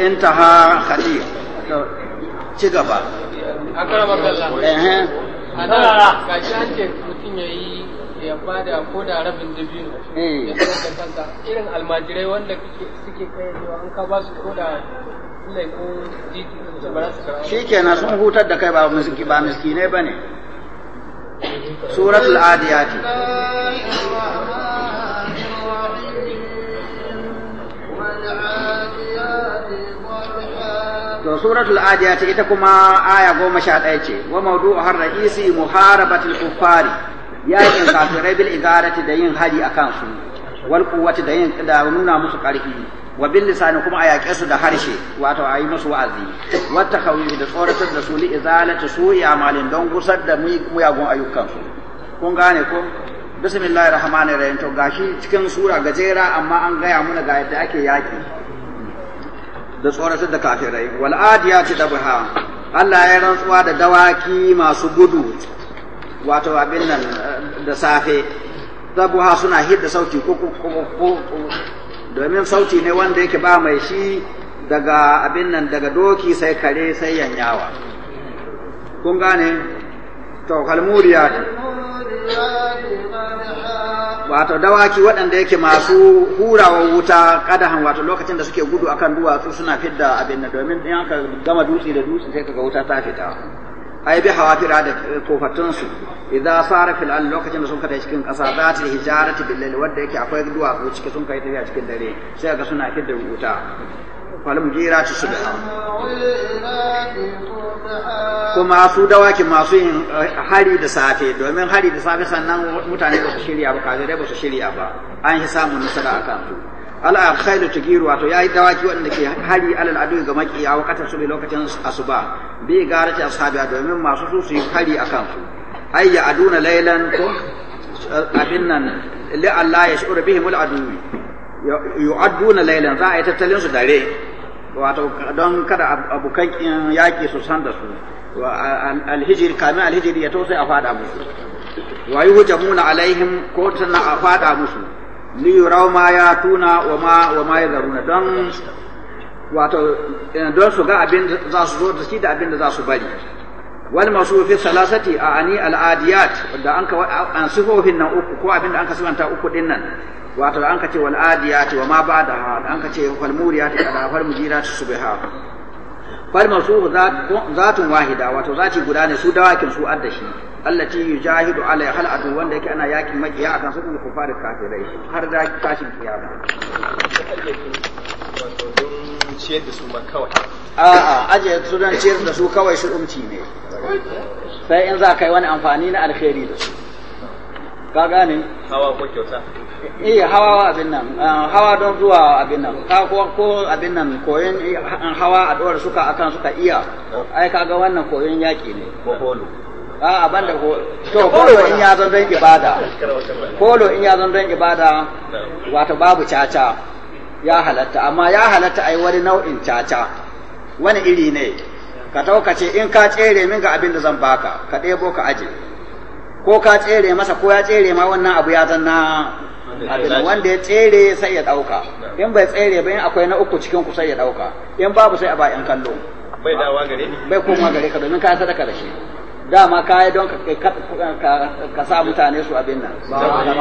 A: intaha khalil ci gaba
C: akramaka Allah
B: eh eh ga shi an ce mutum yayi Eh. ya bada da
C: kai ba su da kenan sun
A: hutar da kai ba miski ba miskinai ba ne
C: suratul adiyati
A: to suratul adiyati ita kuma aya goma sha ɗaya ce wa mawdu'u har ra'isi muharabatul kufari yakin kafirai bil igarati da yin hari akan su wal quwwati da yin da nuna musu karfi wa bil lisani kuma a yaƙe su da harshe wato a yi musu wa'azi wata kawai da tsoratar da su li izalati su'i amalin don gusar da muyagun ayyukan su kun gane ko bismillahir rahmanir rahim to gashi cikin sura gajera amma an gaya muna ga yadda ake yaƙi da tsoratar da kafirai wal adiyati dabha Allah ya rantsuwa da dawaki masu gudu wato abin nan da safe zabuha suna hidda sauti kuku domin sauti ne wanda yake ba mai shi daga abin nan daga doki sai kare sai yanyawa kun gane to kalmuriya wato dawaki waɗanda yake masu hurawa wuta ƙadahan wato lokacin da suke gudu akan duwatsu suna fidda abin nan domin in aka gama dutse da dutse sai kaga wuta ta fita ai bi hawafira da kofatun su idza sara fil al lokacin da sun kai cikin kasa za ta hijarati bil lail wanda yake akwai duwatsu ciki sun kai tafiya cikin dare sai ga suna fidda wuta kuma su dawaki masu yin eh, hari da safe domin hari da safe sannan mutane ba su shirya ba kaje ba su shirya ba an yi samun nasara akan su ala khairu tukiru wato yayi dawaki wanda ke hari alal adu ga makiya wakatar su lokacin asuba bi garati ashabi domin masu su su yi hari akan su ay ya aduna laylan ko abin nan li Allah ya shuru bihim al adu yu'adduna laylan za a yi tattalin su dare wato don kada abukan eh, yaki su san da su alhijir kamin alhijir ya to sai a fada musu wa yuhjamuna alaihim ko tana a fada musu li yurau ma ya tuna wa ma wa ma ya zaruna don wato eh, don su ga abin da za su zo da shi da abin da za su bari wal masu fi salasati a ani al'adiyat da an ka an sifofin nan uku ko abin da an ka sifanta uku din nan wato an ka ce wal adiyat wa ma ba da an ka ce wal muriyat da wal mujirat subha fal masuhu zatun wahida wato zati guda ne su dawakin su adda shi allati yujahidu alai hal adu wanda yake ana yakin makiya akan su kuma kufarin kafirai har da tashin kiyama
B: wato don ciyar da su ma kawai
A: a'a aje su dan ciyar da su kawai su umci ne sai in za kai wani amfani na alkhairi da su ka gane
B: hawa ko kyauta iya eh, hawa
A: abin nan eh, hawa don zuwa abin nan ko abin nan koyon eh, hawa a ɗora suka akan suka iya ai kaga wannan koyon yaƙi ne ko polo a abin da to kolo in ya zan don ibada kolo in ya zan don ibada wato babu caca ya halatta amma ya halatta ai wani nau'in caca wani iri ne ka ce in ka tsere min ga abin da zan baka ka ɗebo ka aje ko ka tsere masa ko ya tsere ma wannan abu ya zan na wanda ya tsere sai ya dauka in bai tsere ba in akwai na uku cikin ku sai ya dauka in babu sai a ba yan kallo bai dawa gare ni bai koma gare ka domin ka sadaka da shi dama ka yi don ka sa mutane su abin nan wannan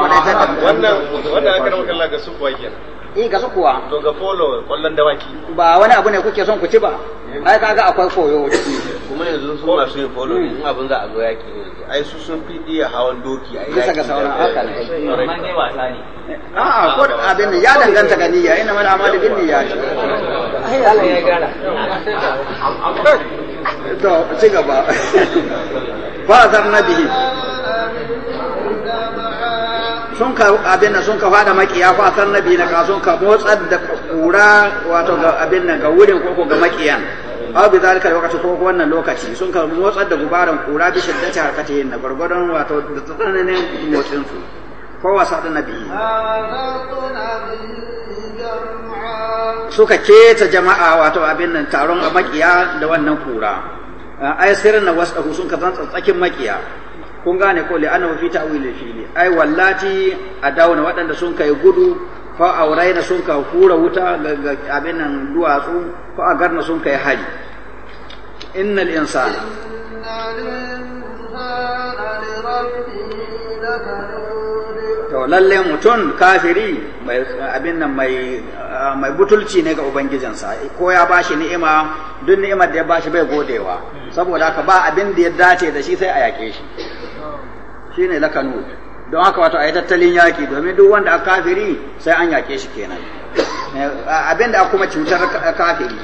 A: wannan aka rawa kallon ga su kuwa kenan eh, ga su kuwa to ga polo kwallon dawaki ba wani abu ne kuke son ku ci ba ai kaga akwai koyo ciki kuma yanzu sun masu yin folo hmm. in abin za a zo yaki ne ai su sun fi iya hawan doki a yaki ga sauran eh, haka ne eh, amma dai wasa ne a'a ko abin ya danganta ga niyya ina mana amma da bin niyya shi ai Allah ya gara to ci gaba fa zarna bihi sun ka abin nan sun ka fada makiya fa san na ka sun ka motsar da kura wato ga abin nan ga wurin koko ga makiyan aw bi zalika lokaci ko wannan lokaci sun ka motsar da gubaran kura bi shiddati harkatihin na gurgurdan wato da tsananin motsin su ko wasa da nabi suka keta jama'a wato abin nan taron a makiya da wannan kura ai sirrin wasu sun ka zan tsakin makiya kun gane ko li annahu fi fili ai wallati a dauna waɗanda sun kai gudu fa da sun ka hura wuta ga abin nan duwatsu fa agarna sun kai hari innal insana to lalle mutum kafiri mai abin nan mai ah, mai butulci ne ga ubangijinsa ko ya bashi ni'ima duk ni'imar da ya bashi bai godewa saboda haka ba abin da ya dace da shi sai a yake shi shine lakanu don haka wato a yi tattalin yaƙi domin duk wanda a kafiri sai an yaƙe shi kenan eh, abin da kuma cutar kafiri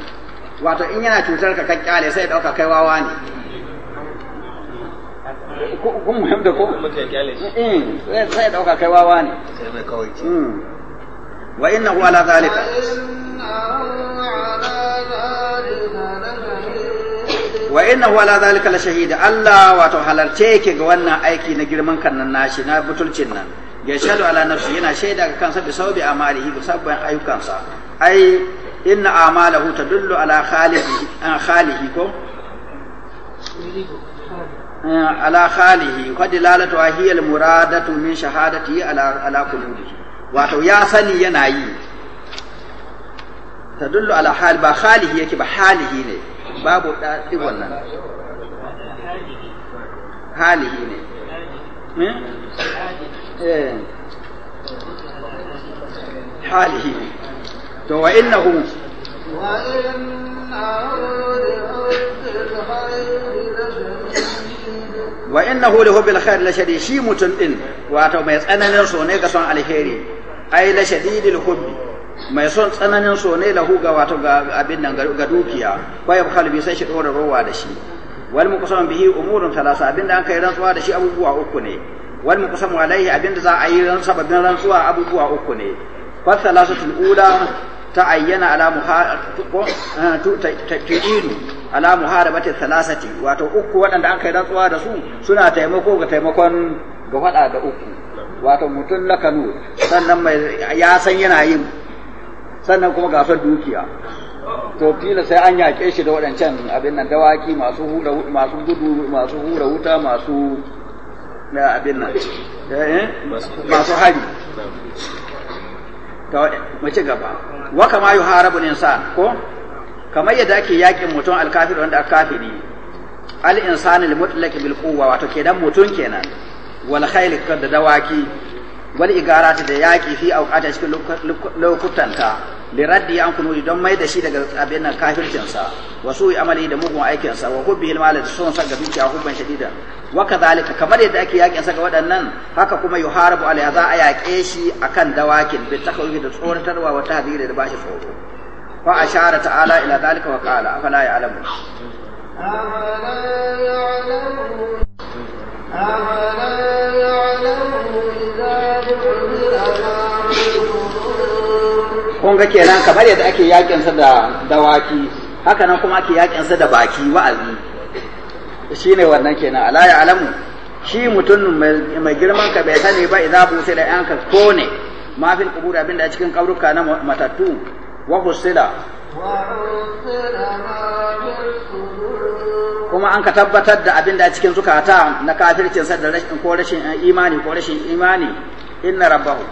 A: wato in yana cutar ka kakkyale sai sai ɗauka kai wawa ne kun muhim da ko eh, eh, sai ɗauka kai wawa ne hmm. wa inna huwa la zalika wa innahu ala zalika lashahid Allah wato halarce yake ga wannan aiki na girman kan nan nashi na butulcin nan ya shadu ala nafsi yana shaida ga kansa bi sababi amalihi bi sabbin ayyukansa ai inna amalahu tadullu ala khalihi an khalihi ko eh, ala khalihi wa dilalatu hiya al muradatu min shahadati ala ala qulubihi wato ya sani yana yi tadullu ala hal ba khalihi yake ba halihi ne babu ɗigon nan halihi ne eh. halihi ne to wa innahu wa innahu li hubbil khair la shadid shi mutum ɗin wato mai tsananin so ne ga son alheri ai la shadidil hubbi mai son tsananin so ne lahu ga wato ga abin nan ga dukiya wa ya bi sai shi dora rowa da shi wal muqsam bihi umurun abin da an kai rantsuwa da shi abubuwa uku ne wal muqsam alaihi abinda za a yi ran sababin rantsuwa abubuwa uku ne fa salasatul ula ta ayyana ala eh, tu'idu ala muharabati salasati wato uku waɗanda an kai rantsuwa da su suna taimako ga taimakon ga fada da uku wato mutum lakanu sannan mai ya san yana yin sannan kuma gasar dukiya to fila sai an yaƙe shi da waɗancan abin nan dawaki masu hura masu gudu masu hura wuta masu na abin nan eh, masu hari mu mace gaba wa kama yi harabun insan ko kamar yadda ake yaƙin mutum alkafir wanda aka kafiri al insani al mutlaq bil quwwa wato kenan mutum kenan wal khayl da dawaki wal igarati da yaƙi fi auqata cikin lokutanta li raddi an kunu don mai da shi daga abin nan kafircin sa yi amali da mugun aikin sa wa hubbi al da son sa ga a hubban shadida wa kadhalika kamar yadda ake yaƙin sa ga waɗannan haka kuma yuharabu alaiha za a yaƙe shi kan dawakin bi takawufi da tsoratarwa wa tahdiri da bashi tsoro fa ashara ta'ala ila dhalika wa qala afala ya'lamu أفلا يعلم أفلا يعلم kun ga kenan kamar yadda ake yakin sa da dawaki haka nan kuma ake yakin sa da baki wa'azi shine wannan kenan ala ya alamu shi mutum mai girman ka bai sani ba idan sai da yanka kone ma fil kubur da a cikin kaburuka na matattu wa husila kuma an ka tabbatar da abinda a cikin zukata na kafircin sa da rashin ko rashin imani ko rashin imani inna rabbahu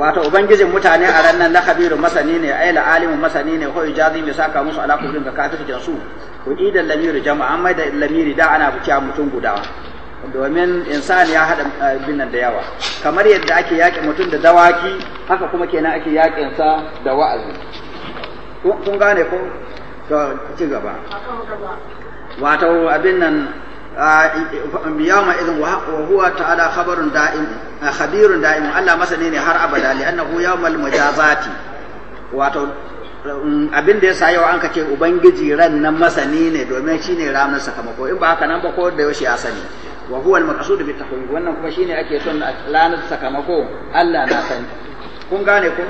A: wato ubangijin mutane a ran nan lakabiru masani ne ai alimin masani ne ko ijazi mai saka musu ala kufrin ga da su ko idan lamiru jama'a mai da lamiri da ana buciya mutum guda domin insan ya hada eh, binnan da yawa kamar yadda ake yaƙi mutum da dawaki haka kuma kenan ake yaƙin sa da wa'azi kun gane ko Ka ci gaba wato abin nan yawma idin wa huwa ta'ala khabarun da'im khabirun da'im Allah masani ne har abada li annahu yawmal mujazati wato abin da yasa yau an kace ubangiji ran nan masani ne domin shine ranar sakamako in ba haka nan ba ko da yaushe ya sani wa huwa al-maqsud bi tahwil wannan kuma shine ake son ranar sakamako Allah na sani kun gane ko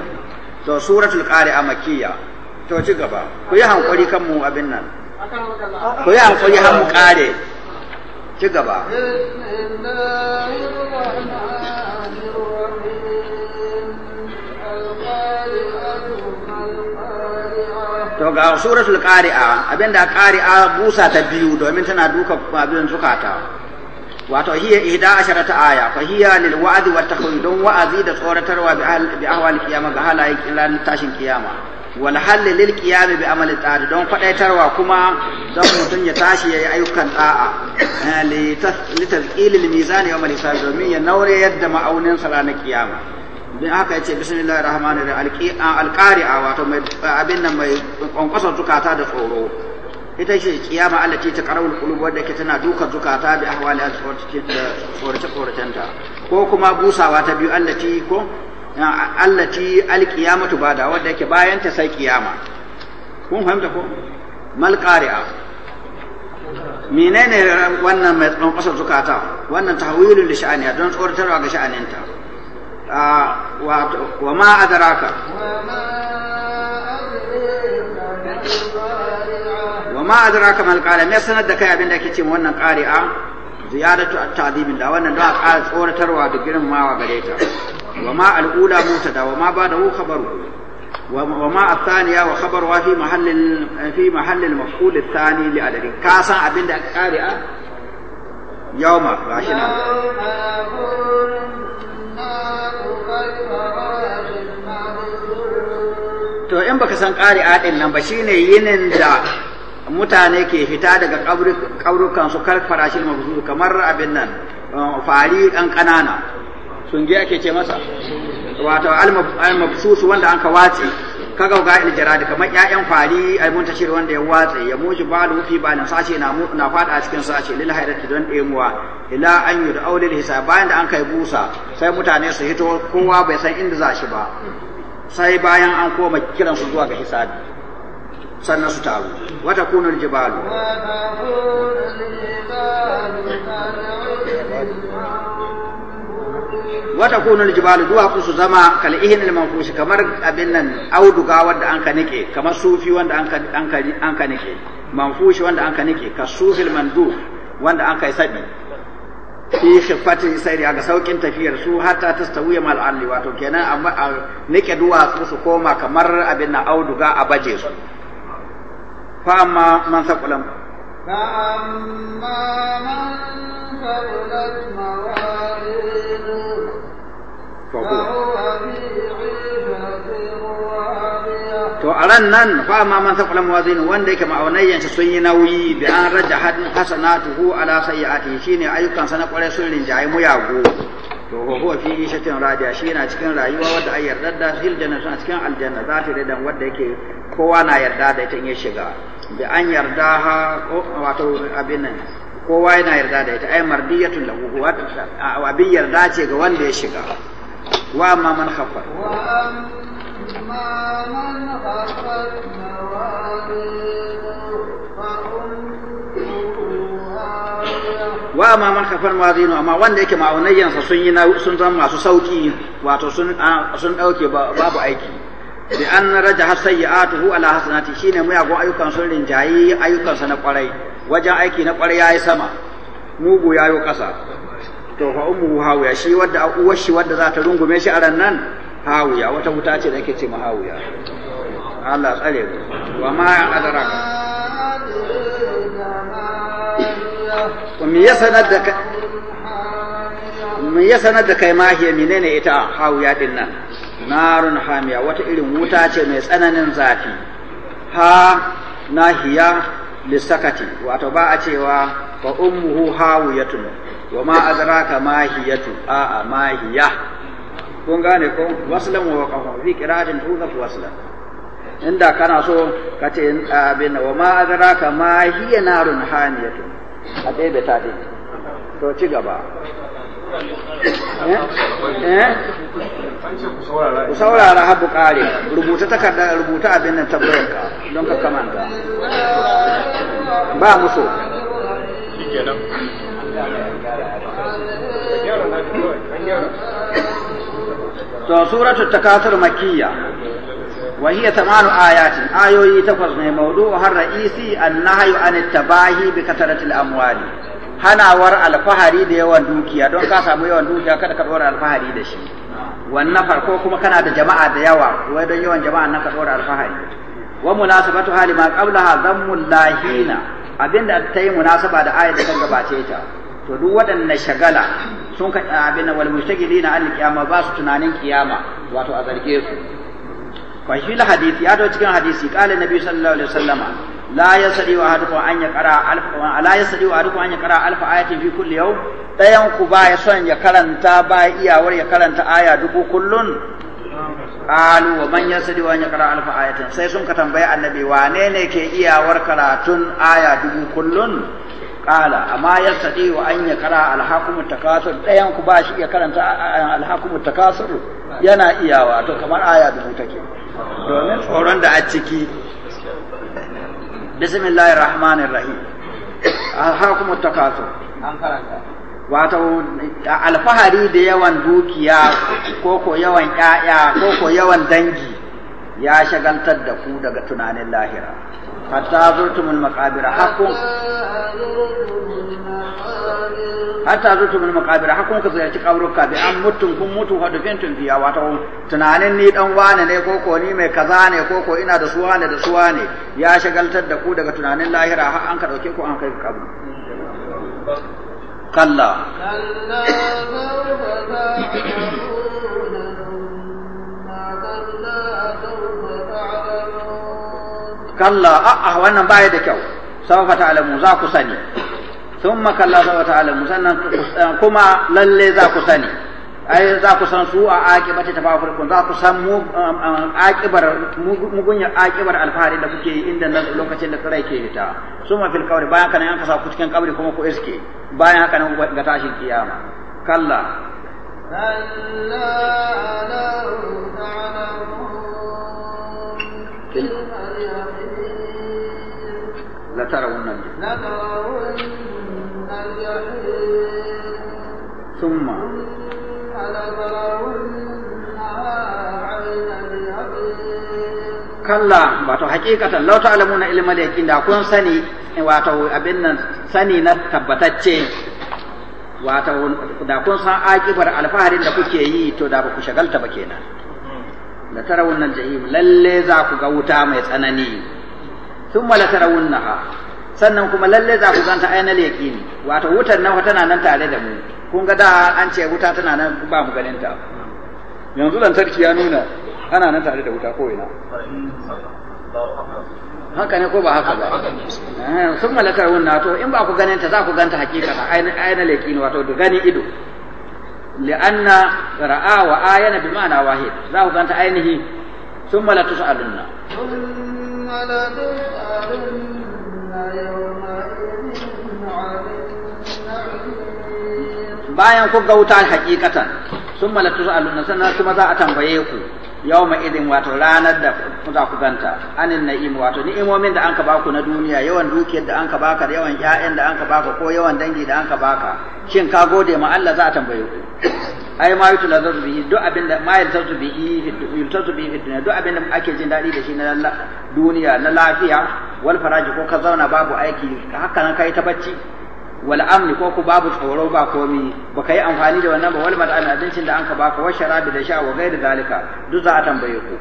A: to suratul qari'a makkiya to ci gaba ku yi hankali kan mu abin nan
C: ku yi hankali har mu
A: kare ci gaba to ga suratul qari'a abinda ƙari'a busa ta biyu domin tana duka abin zukata wato hiya ihda ta aya fa hiya lil wa'd wa takhwidun wa'azi da tsoratarwa bi ahwal kiyama ga halayen tashin kiyama wal halli lil qiyam bi amali ta'ati don kwadaitarwa kuma don mutum ya tashi yayi ayyukan da'a eh, li tazkil al mizan yawm al hisab domin ya naure yadda ma'aunin sa ranar kiyama don haka yace bismillahir rahmanir rahim alqari'a wato mai abin nan mai kwankwason zukata da tsoro ita ce kiyama allati ta qarawul qulub wadda ke tana duka zukata bi ahwali al-tsorace tsoracenta ko kuma busawa ta biyu allati ko allati alqiyamatu bada wanda yake bayan ta sai kiyama kun fahimta ko mal qari'a menene wannan mai tsan kasar zukata wannan tahwilul li sha'ani don tsoratarwa ga sha'aninta wa ma adraka wa ma adraka mal qari'a me sanar da kai abinda da ake ce wannan qari'a ziyadatu at tadibin da wannan da a tsoratarwa da girmamawa gare ta wa ma al'ula mutada wa ma ba'dahu khabaru wa ma athaniya wa khabaruha fi mahallin fi mahallil maf'ul athani ka san aka to in baka san ƙari'a ɗin nan ba shine yinin da mutane ke fita daga ƙaurukan su karfara shi mabuzu kamar abin nan uh, fari ɗan ƙanana sunge ake ce masa wato al wanda an ka watse ka gauga da kamar ƴaƴan fari ai muntashir wanda ya watse ya muji balu fi balin sace na na fada a cikin sace lil hayrat don ɗemuwa ila an yi da aulil hisab bayan da an kai busa sai mutane su hito kowa bai san inda za shi ba sai bayan an koma kiran su zuwa ga hisabi sannan su taru wata kunar jibalu wata kunul jibalu ku su zama kal'ihin al manfush kamar abin nan auduga wanda an ka nike kamar sufi wanda an ka an ka nike manfush wanda an ka nike ka sufil mandu wanda an yi sabi fi shifatin sairi ga saukin tafiyar su hatta tastawiya mal alli wato kenan amma nike duwa su koma kamar abin nan auduga a baje su fa amma man saqulam
C: فأما من ثقلت موازينه
A: to a ran nan fa ma man saqala mawazin wanda yake ma'aunayyan sun yi nauyi bi an raja hadin hu ala sayyi'atihi shine ayyukan sana kware sun rinjaye mu yago to ho ho fi ishatin radiya shi yana cikin rayuwa wadda ai yarda da fil janna suna cikin aljanna za ta da wanda yake kowa na yarda da ita in ya shiga bi an yarda ha wato abin nan kowa yana yarda da ita ai mardiyatun lahu abin yarda ce ga wanda ya shiga wa amma man وأما من خفت wa ma man kafar mawazinu amma wanda yake ma'aunayyansa sun yi sun zama masu sauki wato sun sun dauke babu aiki bi an raja tuhu ala hasanati shine muyagun ayyukan sun rinjayi ayyukansa na kwarai wajen aiki na kwarai yayi sama mugu yayo kasa to fa ummuhu hawiya shi wadda uwar shi wadda za ta rungume shi a ran nan hawiya wata wuta ce da ake ce ma hawiya Allah tsare ku wa ma me ya sanar da ka me ya sanar da kai mahiya menene ita hawiya din nan narun hamiya wata irin wuta ce mai tsananin zafi ha nahiya lissakati wato ba a cewa fa ummuhu hawiyatun wa ma adraka mahiyatu a a mahiya kun gane ko waslan wa waqafa fi qira'atin tudaf waslan inda kana so ka ce abin wa ma adraka mahiya narun haniyatu a dai beta dai to ci gaba
B: eh? Eh?
C: ku saurara habu kare rubuta
A: takarda rubuta abin nan tabbayar ka don ka kamanta ba muso to suratul takasur makiyya wa hiya tamanu ayatin ayoyi takwas ne mawdu'u har ra'isi annahyu an tabahi bi kasaratil amwali hanawar alfahari da yawan dukiya don ka samu yawan dukiya kada ka dora alfahari da shi wannan farko kuma kana da jama'a da yawa wai don yawan jama'a nan ka dora alfahari wa munasabatu hali ma qablaha dhammul lahina abinda ta yi munasaba da ayat da kan gabace ta to duk waɗannan shagala sun ka abin wal mushtagilina an kiyama ba su tunanin kiyama wato a zarge su fa shi la hadisi ya cikin hadisi qala nabi sallallahu alaihi wasallama la yasadi wa hadu an yaqra alf la yasadi wa hadu an yaqra alf ayatin fi kulli yawm dayan ku ba ya son ya karanta ba iyawar ya karanta aya dubu kullun qalu wa man yasadi wa an yaqra alf ayatin sai sun ka tambaye annabi wane ne ke iyawar karatun aya dubu kullun qala amma yastati wa an yakara alhakum takasur dayan ku ba shi iya karanta eh, alhakum takasur yana iyawa to kamar aya mu take
B: domin tsoron da a
A: ciki bismillahir rahmanir rahim alhakum takasur an karanta wato alfahari da yawan dukiya ko ko yawan ƴaƴa ko ko yawan dangi ya shagaltar da ku daga tunanin lahira hatta zurtumul maqabir hakun hatta zurtumul maqabir hakun ka ziyarci kaburuka an mutum mutu fa fiya tunanin ni dan wane ne ko ni mai kaza ne ko ina da suwa ne da suwa ne ya shagaltar da ku daga tunanin lahira har an ka dauke ku an kai kabru kalla kalla kalla a wannan baya da kyau sawfa ta'lamu za ku sani thumma kalla sawfa ta'lamu sannan kuma lalle za ku sani ai za ku san su a aqibati tafafurkun za ku san mu aqibar mugunya akibar alfahari da kuke yi inda nan lokacin da tsirai ke hita suma fil qabri bayan kana yanka kasa ku cikin kabri kuma ku iske bayan haka nan ga tashin kiyama kalla
B: kalla
C: alau ta'lamun
A: لترون ثم kalla wato hakikatan law ta'lamuna ilmal yaqin da kun sani wato abin nan sani na tabbatacce wato da kun san aqibar alfaharin da kuke yi to da ba ku shagalta ba kenan la tarawunna jahim lalle za ku ga wuta mai tsanani thumma la tarawunnaha sannan kuma lalle za ku ganta ainihin yaqini wato wutar nan tana nan tare da mu kun ga da an ce wuta tana nan ba mu ganin ta yanzu lantarki ya nuna ana nan tare da wuta ko ina haka ne ko ba haka ba sun malakar wannan to in ba ku ganin ta za ku ganta hakikata ainihin yaqini wato da gani ido li'anna ra'a wa ayana bi ma'ana wahid za ku ganta ainihi thumma la tus'alunna
B: thumma
C: la
A: bayan ku ga wuta hakikatan thumma la tus'alunna sannan kuma za a tambaye ku yau ma idin wato ranar da za ku ganta anin na'im wato ni'imomin da anka baku na duniya yawan dukiyar da anka baka da yawan ƴaƴan da anka baka ko yawan dangi da anka baka shin ka gode ma Allah za a tambaye ku ai ma yutu lazatu bi duk abin da ma yutu bi yutu bi duniya duk abin da ake jin daɗi da shi na duniya na lafiya wal faraji ko ka zauna babu aiki haka nan kai ta bacci wal amni ko ku babu tsoro ba komi baka yi amfani da wannan ba wal mad'an abincin da anka baka wa sharabi da sha wa gairi zalika duk za a tambaye ku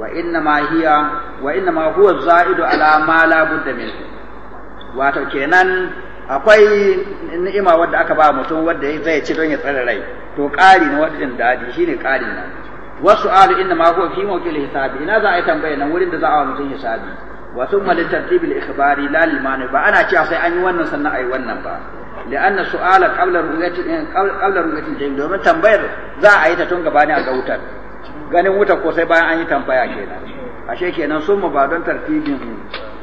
A: wa inna ma hiya wa inna ma huwa za'idu ala ma la budda min wato kenan akwai ni'ima wadda aka ba mutum wadda zai ci don ya tsare rai to ƙari na wadin daɗi shine ƙari na wasu alu inna ma huwa fi mawqil hisabi ina za a yi tambaya nan wurin da za a wa mutum hisabi wa thumma li tartib al ba ana cewa sai an yi wannan sannan ai wannan ba li'anna su'ala qabla ru'yati qabla ru'yati jin domin tambayar za a yi ta tun gabani a ga wutar ganin wutar ko sai bayan an yi tambaya kenan ashe kenan sun ba don tartibin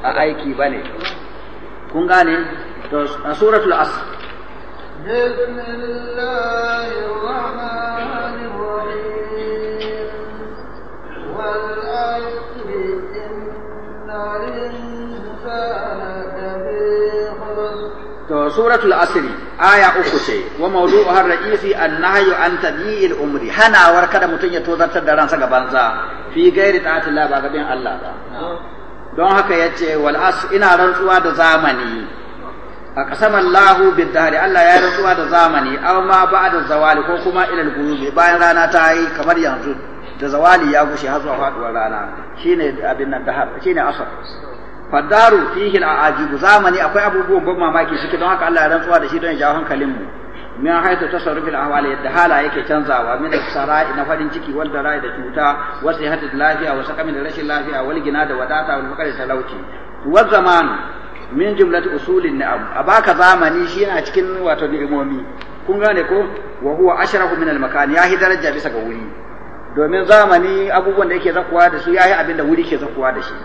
A: a aiki bane kun gane to suratul asr
C: bismillahir
A: suratul asiri aya uku ce wa mawdu'uha ar-ra'isi an-nahyu an tadyi'il umri hanawar kada mutum ya tozartar da ransa ga banza fi ghairi ta'ati Allah ba gaban Allah ba don haka yace wal as ina rantsuwa da zamani a kasam Allahu bid Allah ya rantsuwa da zamani amma ma da zawali ko kuma ila al bayan rana ta yi kamar yanzu da zawali ya gushe har zuwa faduwar rana shine abin nan dahar shine asar fadaru fihi al'ajibu zamani akwai abubuwan ban mamaki shi don haka Allah ya rantsuwa da shi don ya jawo hankalin mu min haitu tasarrufil ahwal yadda hala yake canzawa min sarai na farin ciki wal darai da cuta wa sihhatil lafiya wa saqamin rashin lafiya wal gina da wadata wal talauci wa zamanu min jumlati usulin ni'am abaka zamani shi yana cikin wato ni'imomi kun gane ko wa huwa ashrafu min al makan yahi daraja bisa ga wuri domin zamani abubuwan da yake zakuwa da su yayi abinda wuri ke zakuwa da shi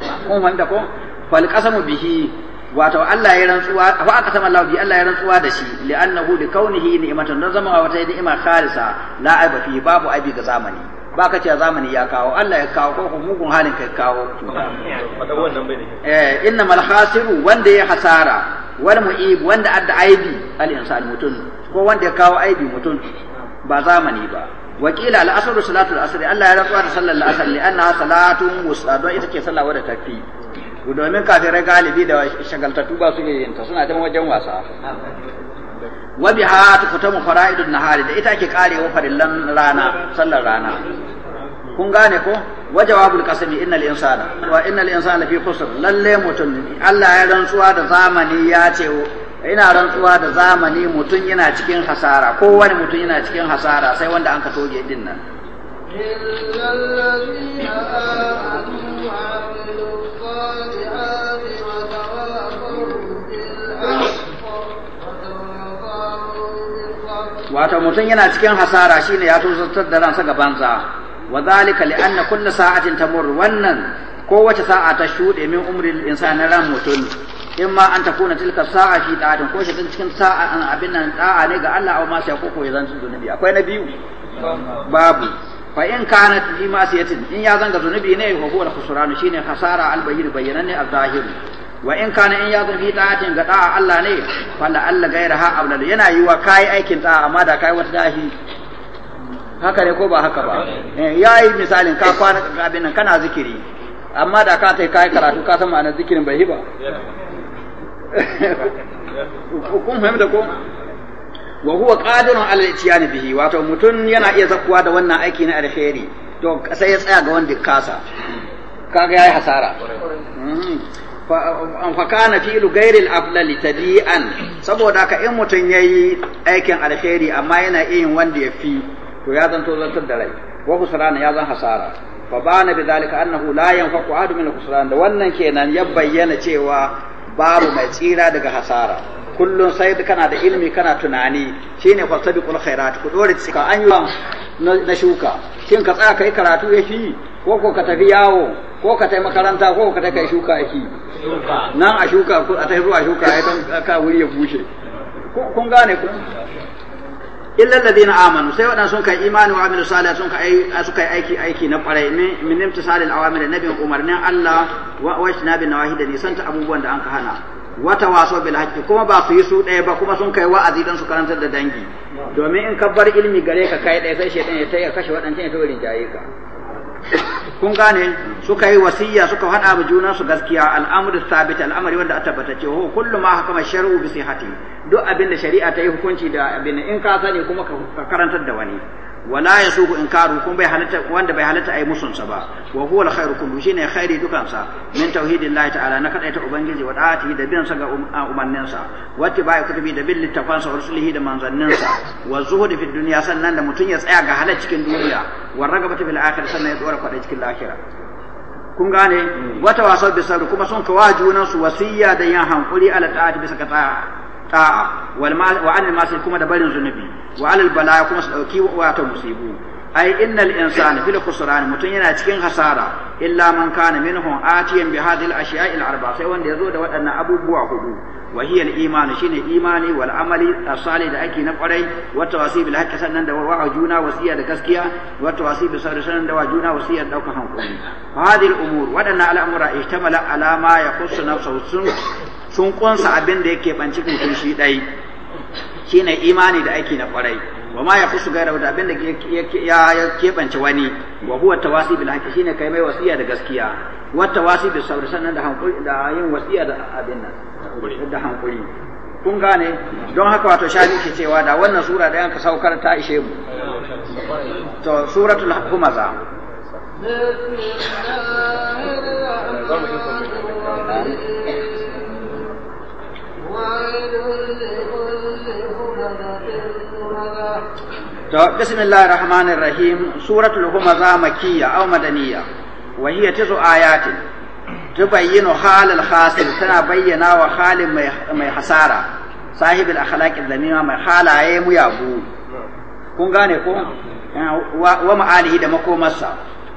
A: kun wanda ko fal qasamu bihi wato Allah ya rantsuwa fa aka sama Allah bi Allah ya rantsuwa da shi annahu bi kaunihi ni'matan dan zama wata ni'ima khalisa la aiba fi babu aibi ga zamani ba ka cewa zamani ya kawo Allah ya kawo ko mugun halin kai kawo eh inna mal khasiru wanda ya hasara wal mu'ib wanda adda aibi al insan mutun ko wanda ya kawo aibi mutun ba zamani ba wakila al'asar salatu al'asar Allah ya rantsuwa da sallar al'asar li anna salatun wusa don ita ke sallah wadda tafi domin kafirai galibi da shagaltattu ba su yin ta suna can wajen wasa wa biha tukutamu fara'idun nahari da ita ke karewa farillan rana sallar rana kun gane ko wa jawabul qasami innal insana wa innal insana lalle mutum Allah ya rantsuwa da zamani ya ce ina rantsuwa da zamani mutum yana cikin hasara kowane mutum yana cikin hasara sai wanda an ka toge din nan wato mutum yana cikin hasara shine ya tozartar da ransa ga banza wa zalika li anna kullu sa'atin tamur wannan kowace sa'a ta shuɗe min umri insani ran mutum in ma an tafuna tilka sa'a fi da'atin ko shi cikin sa'a an abin nan da'a ne ga Allah au ma sai ko ko ya zanta zunubi akwai na biyu babu fa in kanat fi masiyatin in ya zanga zunubi ne ko huwa kusuranu shine khasara al bayyin bayyanan ne az wa in kana in ya zanga fi da'atin ga da'a Allah ne fa la gaira ha abdal yana yi wa kai aikin da'a amma da kai wata dahi haka ne ko ba haka ba eh, ya yi misalin ka kwana ga abin nan kana zikiri amma da ka ta kai karatu ka san ma'anar zikirin bai yi ba kun fahimta ko wa huwa qadirun ala al-itiyani bihi wato mutum yana iya zakkuwa da wannan aiki na alheri to sai ya tsaya ga wanda kasa kaga yayi hasara hmm. an kana na fi'lu gairil aflali saboda ka in mutun yayi aikin alheri amma yana iya yin wanda ya fi to ya zanto zantar da rai wa husrana ya zan hasara fa bana bi dalika annahu la yanfaqu ahadun min husran da wannan kenan ya bayyana cewa babu mai tsira daga hasara kullum sai da kana da ilmi kana tunani shine fastabiqul khairat ku dore ka an yi na shuka shin ka tsaya kai karatu ya fi ko ko ka tafi yawo ko ka tafi makaranta ko ka tafi kai shuka yafi nan a shuka ku a tafi zuwa shuka ya ka wuri ya bushe kun gane ku illa alladhina amanu sai wadan sun kai imani wa amilu salih sun kai su kai aiki aiki na kwarai ne min imtisal al awamir nabi umarnin Allah wa wajna bin da ni santa abubuwan da an ka hana wa tawaso bil haqqi kuma ba su yi su daya ba kuma sun kai wa'azi dan su karantar da dangi domin in ka bar ilmi gare ka kai ɗaya sai shedan ya tayar kashe waɗancan ya tori jaye ka kun gane suka yi wasiya suka faɗa ma junan su gaskiya al'amur sabit al'amari wanda a ce ho kullu ma hakama shar'u bi duk abin da shari'a ta yi hukunci da abin in ka sani kuma ka karantar da wani wala in karu kun bai halatta wanda bai halatta ai musunsa ba wa huwa alkhairu kullu ne khairi dukansa min tauhidillahi ta'ala na ta ubangiji wa da'ati da bin sa ga um-, umanninsa wa tibai kutubi da bil littafansa wa rusulihi da sa. wa zuhudi fi dunya sannan da mutun ya tsaya ga halal cikin duniya wa ragabati fil akhir sannan ya tsora kwada cikin lahira kun gane hmm. wata wasau bisar kuma sun kawa junan su wasiya da yan hankuri ala ta'ati bisa ka ta'a wal mal wa kuma da barin zunubi wa alal bala kuma su dauki wato musibu ai innal insana fil khusran mutun yana cikin hasara illa man kana minhum atiyan bi hadhihi al ashiya'i al arba sai wanda yazo da waɗannan abubuwa hudu wa hiya al iman shine imani wal amali as-salih da ake na ƙwarai, wa tawasi bil haqqi sannan da wa juna wasiya da gaskiya wa tawasi bil sabr sannan da wa juna wasiya da daukar hankali fa hadhihi al umur waɗannan al'amura ihtamala ala ma yakhussu nafsuhu sun sun kunsa abin da yake banci shi dai shine imani da aiki na kwarai wa ma fi su da abinda ya ya kebance wani wa huwa tawasi bil haqqi shine kai mai wasiya da gaskiya wa tawasi bil sabr sannan da hankuri da yin wasiya da abin nan da hankuri kun gane don haka wato shani ke cewa da wannan sura da yanka saukar ta ishe mu to suratul humaza
C: ويل
A: To, bismillah rahman rahim suratul humaza makiyya aw madaniyya wa hiya tisu ayatin tubayyinu halal hasil tana bayyana wa halin mai hasara sahibul akhlaqil zamima mai halaye mu yabu kun gane ko eh, wa ma'alihi da makomarsa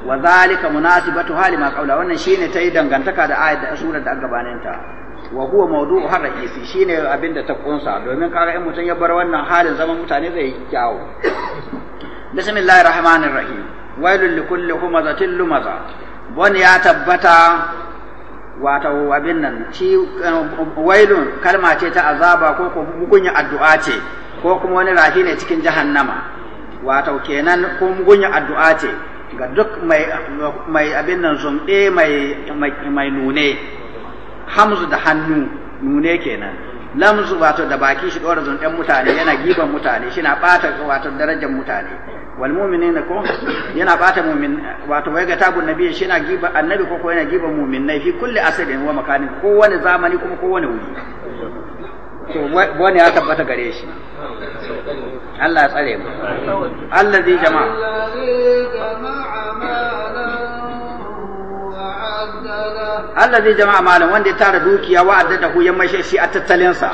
A: wa zalika munasibatu halima qaula wannan shine tayi dangantaka da ayat da surar da aka gabaninta wa huwa mawdu'u har shine abinda ta kunsa domin kaga in mutum ya bar wannan halin zaman mutane zai yi kyawu bismillahir rahmanir rahim wailul likulli humazatil lumaza Bon ya tabbata wato abin nan ci wailun kalma ce ta azaba ko ko mugunya addu'a ce ko kuma wani rahi ne cikin jahannama wato kenan ko mugunya addu'a ce ga duk mai mai abin nan zumbe mai nune hamzu da hannu nune kenan lamzu wato da baki shi dora zon ɗan mutane yana giban mutane shi na ɓata wato darajar mutane wal mu'minina ko yana ɓata mu'min wato wai ga tabun nabi shi na giba annabi ko ko yana mumin na, fi kulli asabin wa makanin kowane zamani kuma kowane wuri to wani ya tabbata gare shi Allah ya tsare mu zai jama'a
C: Allah
A: zai jama'a malam wanda ya tara dukiya wa da hu ya shi a tattalinsa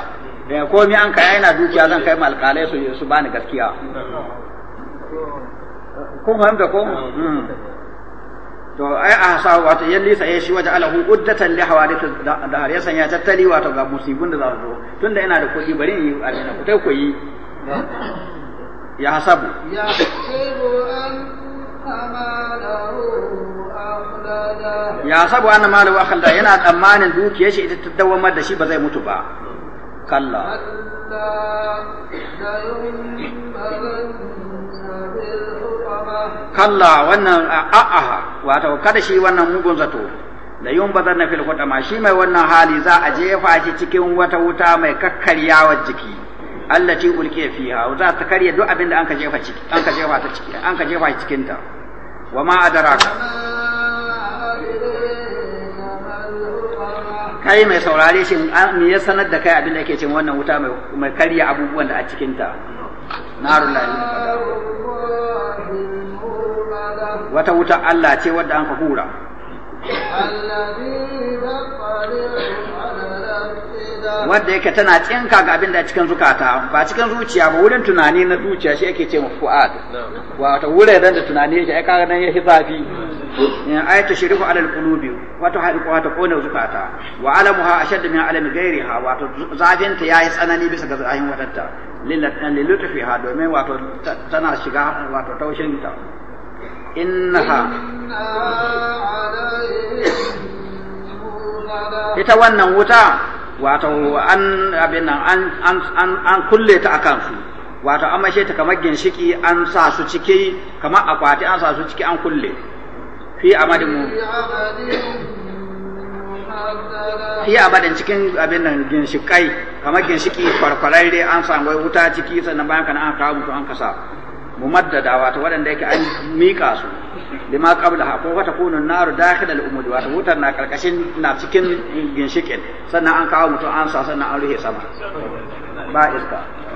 A: komi an kai yana dukiya zan kai alƙalai su su bani gaskiya
B: kun fahimta ko hmm.
A: to ai a sa wato yan lisa ya shi waje alahu uddatan li hawadith da ya sanya tattali wato ga musibin da za su zo tunda ina da kuɗi bari in yi aljanna ku tai koyi ya hasabu
C: ya sabu an kama
A: ya sabu anna malu wa khalda yana tsammanin dukiyar shi ita ta dawamar da shi ba zai mutu ba kalla kalla wannan a'a wato kada shi wannan mugun zato da yun bazar na fil hutama shi mai wannan hali za a jefa shi cikin wata wuta mai kakkaryawa jiki allati ulke fiha za ta karya duk abin da an ka jefa ciki an ka jefa ta ciki an ka jefa cikin ta wa ma adaraka kai mai saurare shi ah, me ya sanar da kai abin da yake cin wannan wuta mai karya abubuwan da a cikin ta narul wata wuta Allah ce wadda an ka wadda yake tana tsinka ga abin da cikin zukata ba cikin zuciya ba wurin tunani na zuciya shi yake ce ma fu'ad wato wurin da tunani yake ai kaga nan yake zafi in ayatu shirku alal qulubi wata haɗuwa ta kone zukata wa alamuha ashadda min alami ha wato zafinta ya yi tsanani bisa ga zafin watatta lillutufiha domin wato tana shiga wato taushinta innaha ita wannan wuta wato an abin nan an kulle ta akan su wato an mashe ta kamar ginshiki an sa su ciki kamar akwati an sa su ciki an kulle fi amadin mu fi amadin cikin abin nan ginshikai kamar ginshiki dai an samu wuta ciki sannan bayan kana an kawo mutu an kasa maddada wato waɗanda yake an mika su lima qabla ko wata kunun naru dakhil al umud wato wutar na karkashin
B: na cikin ginshikin sannan an kawo mutu an sa sannan an rufe sama ba iska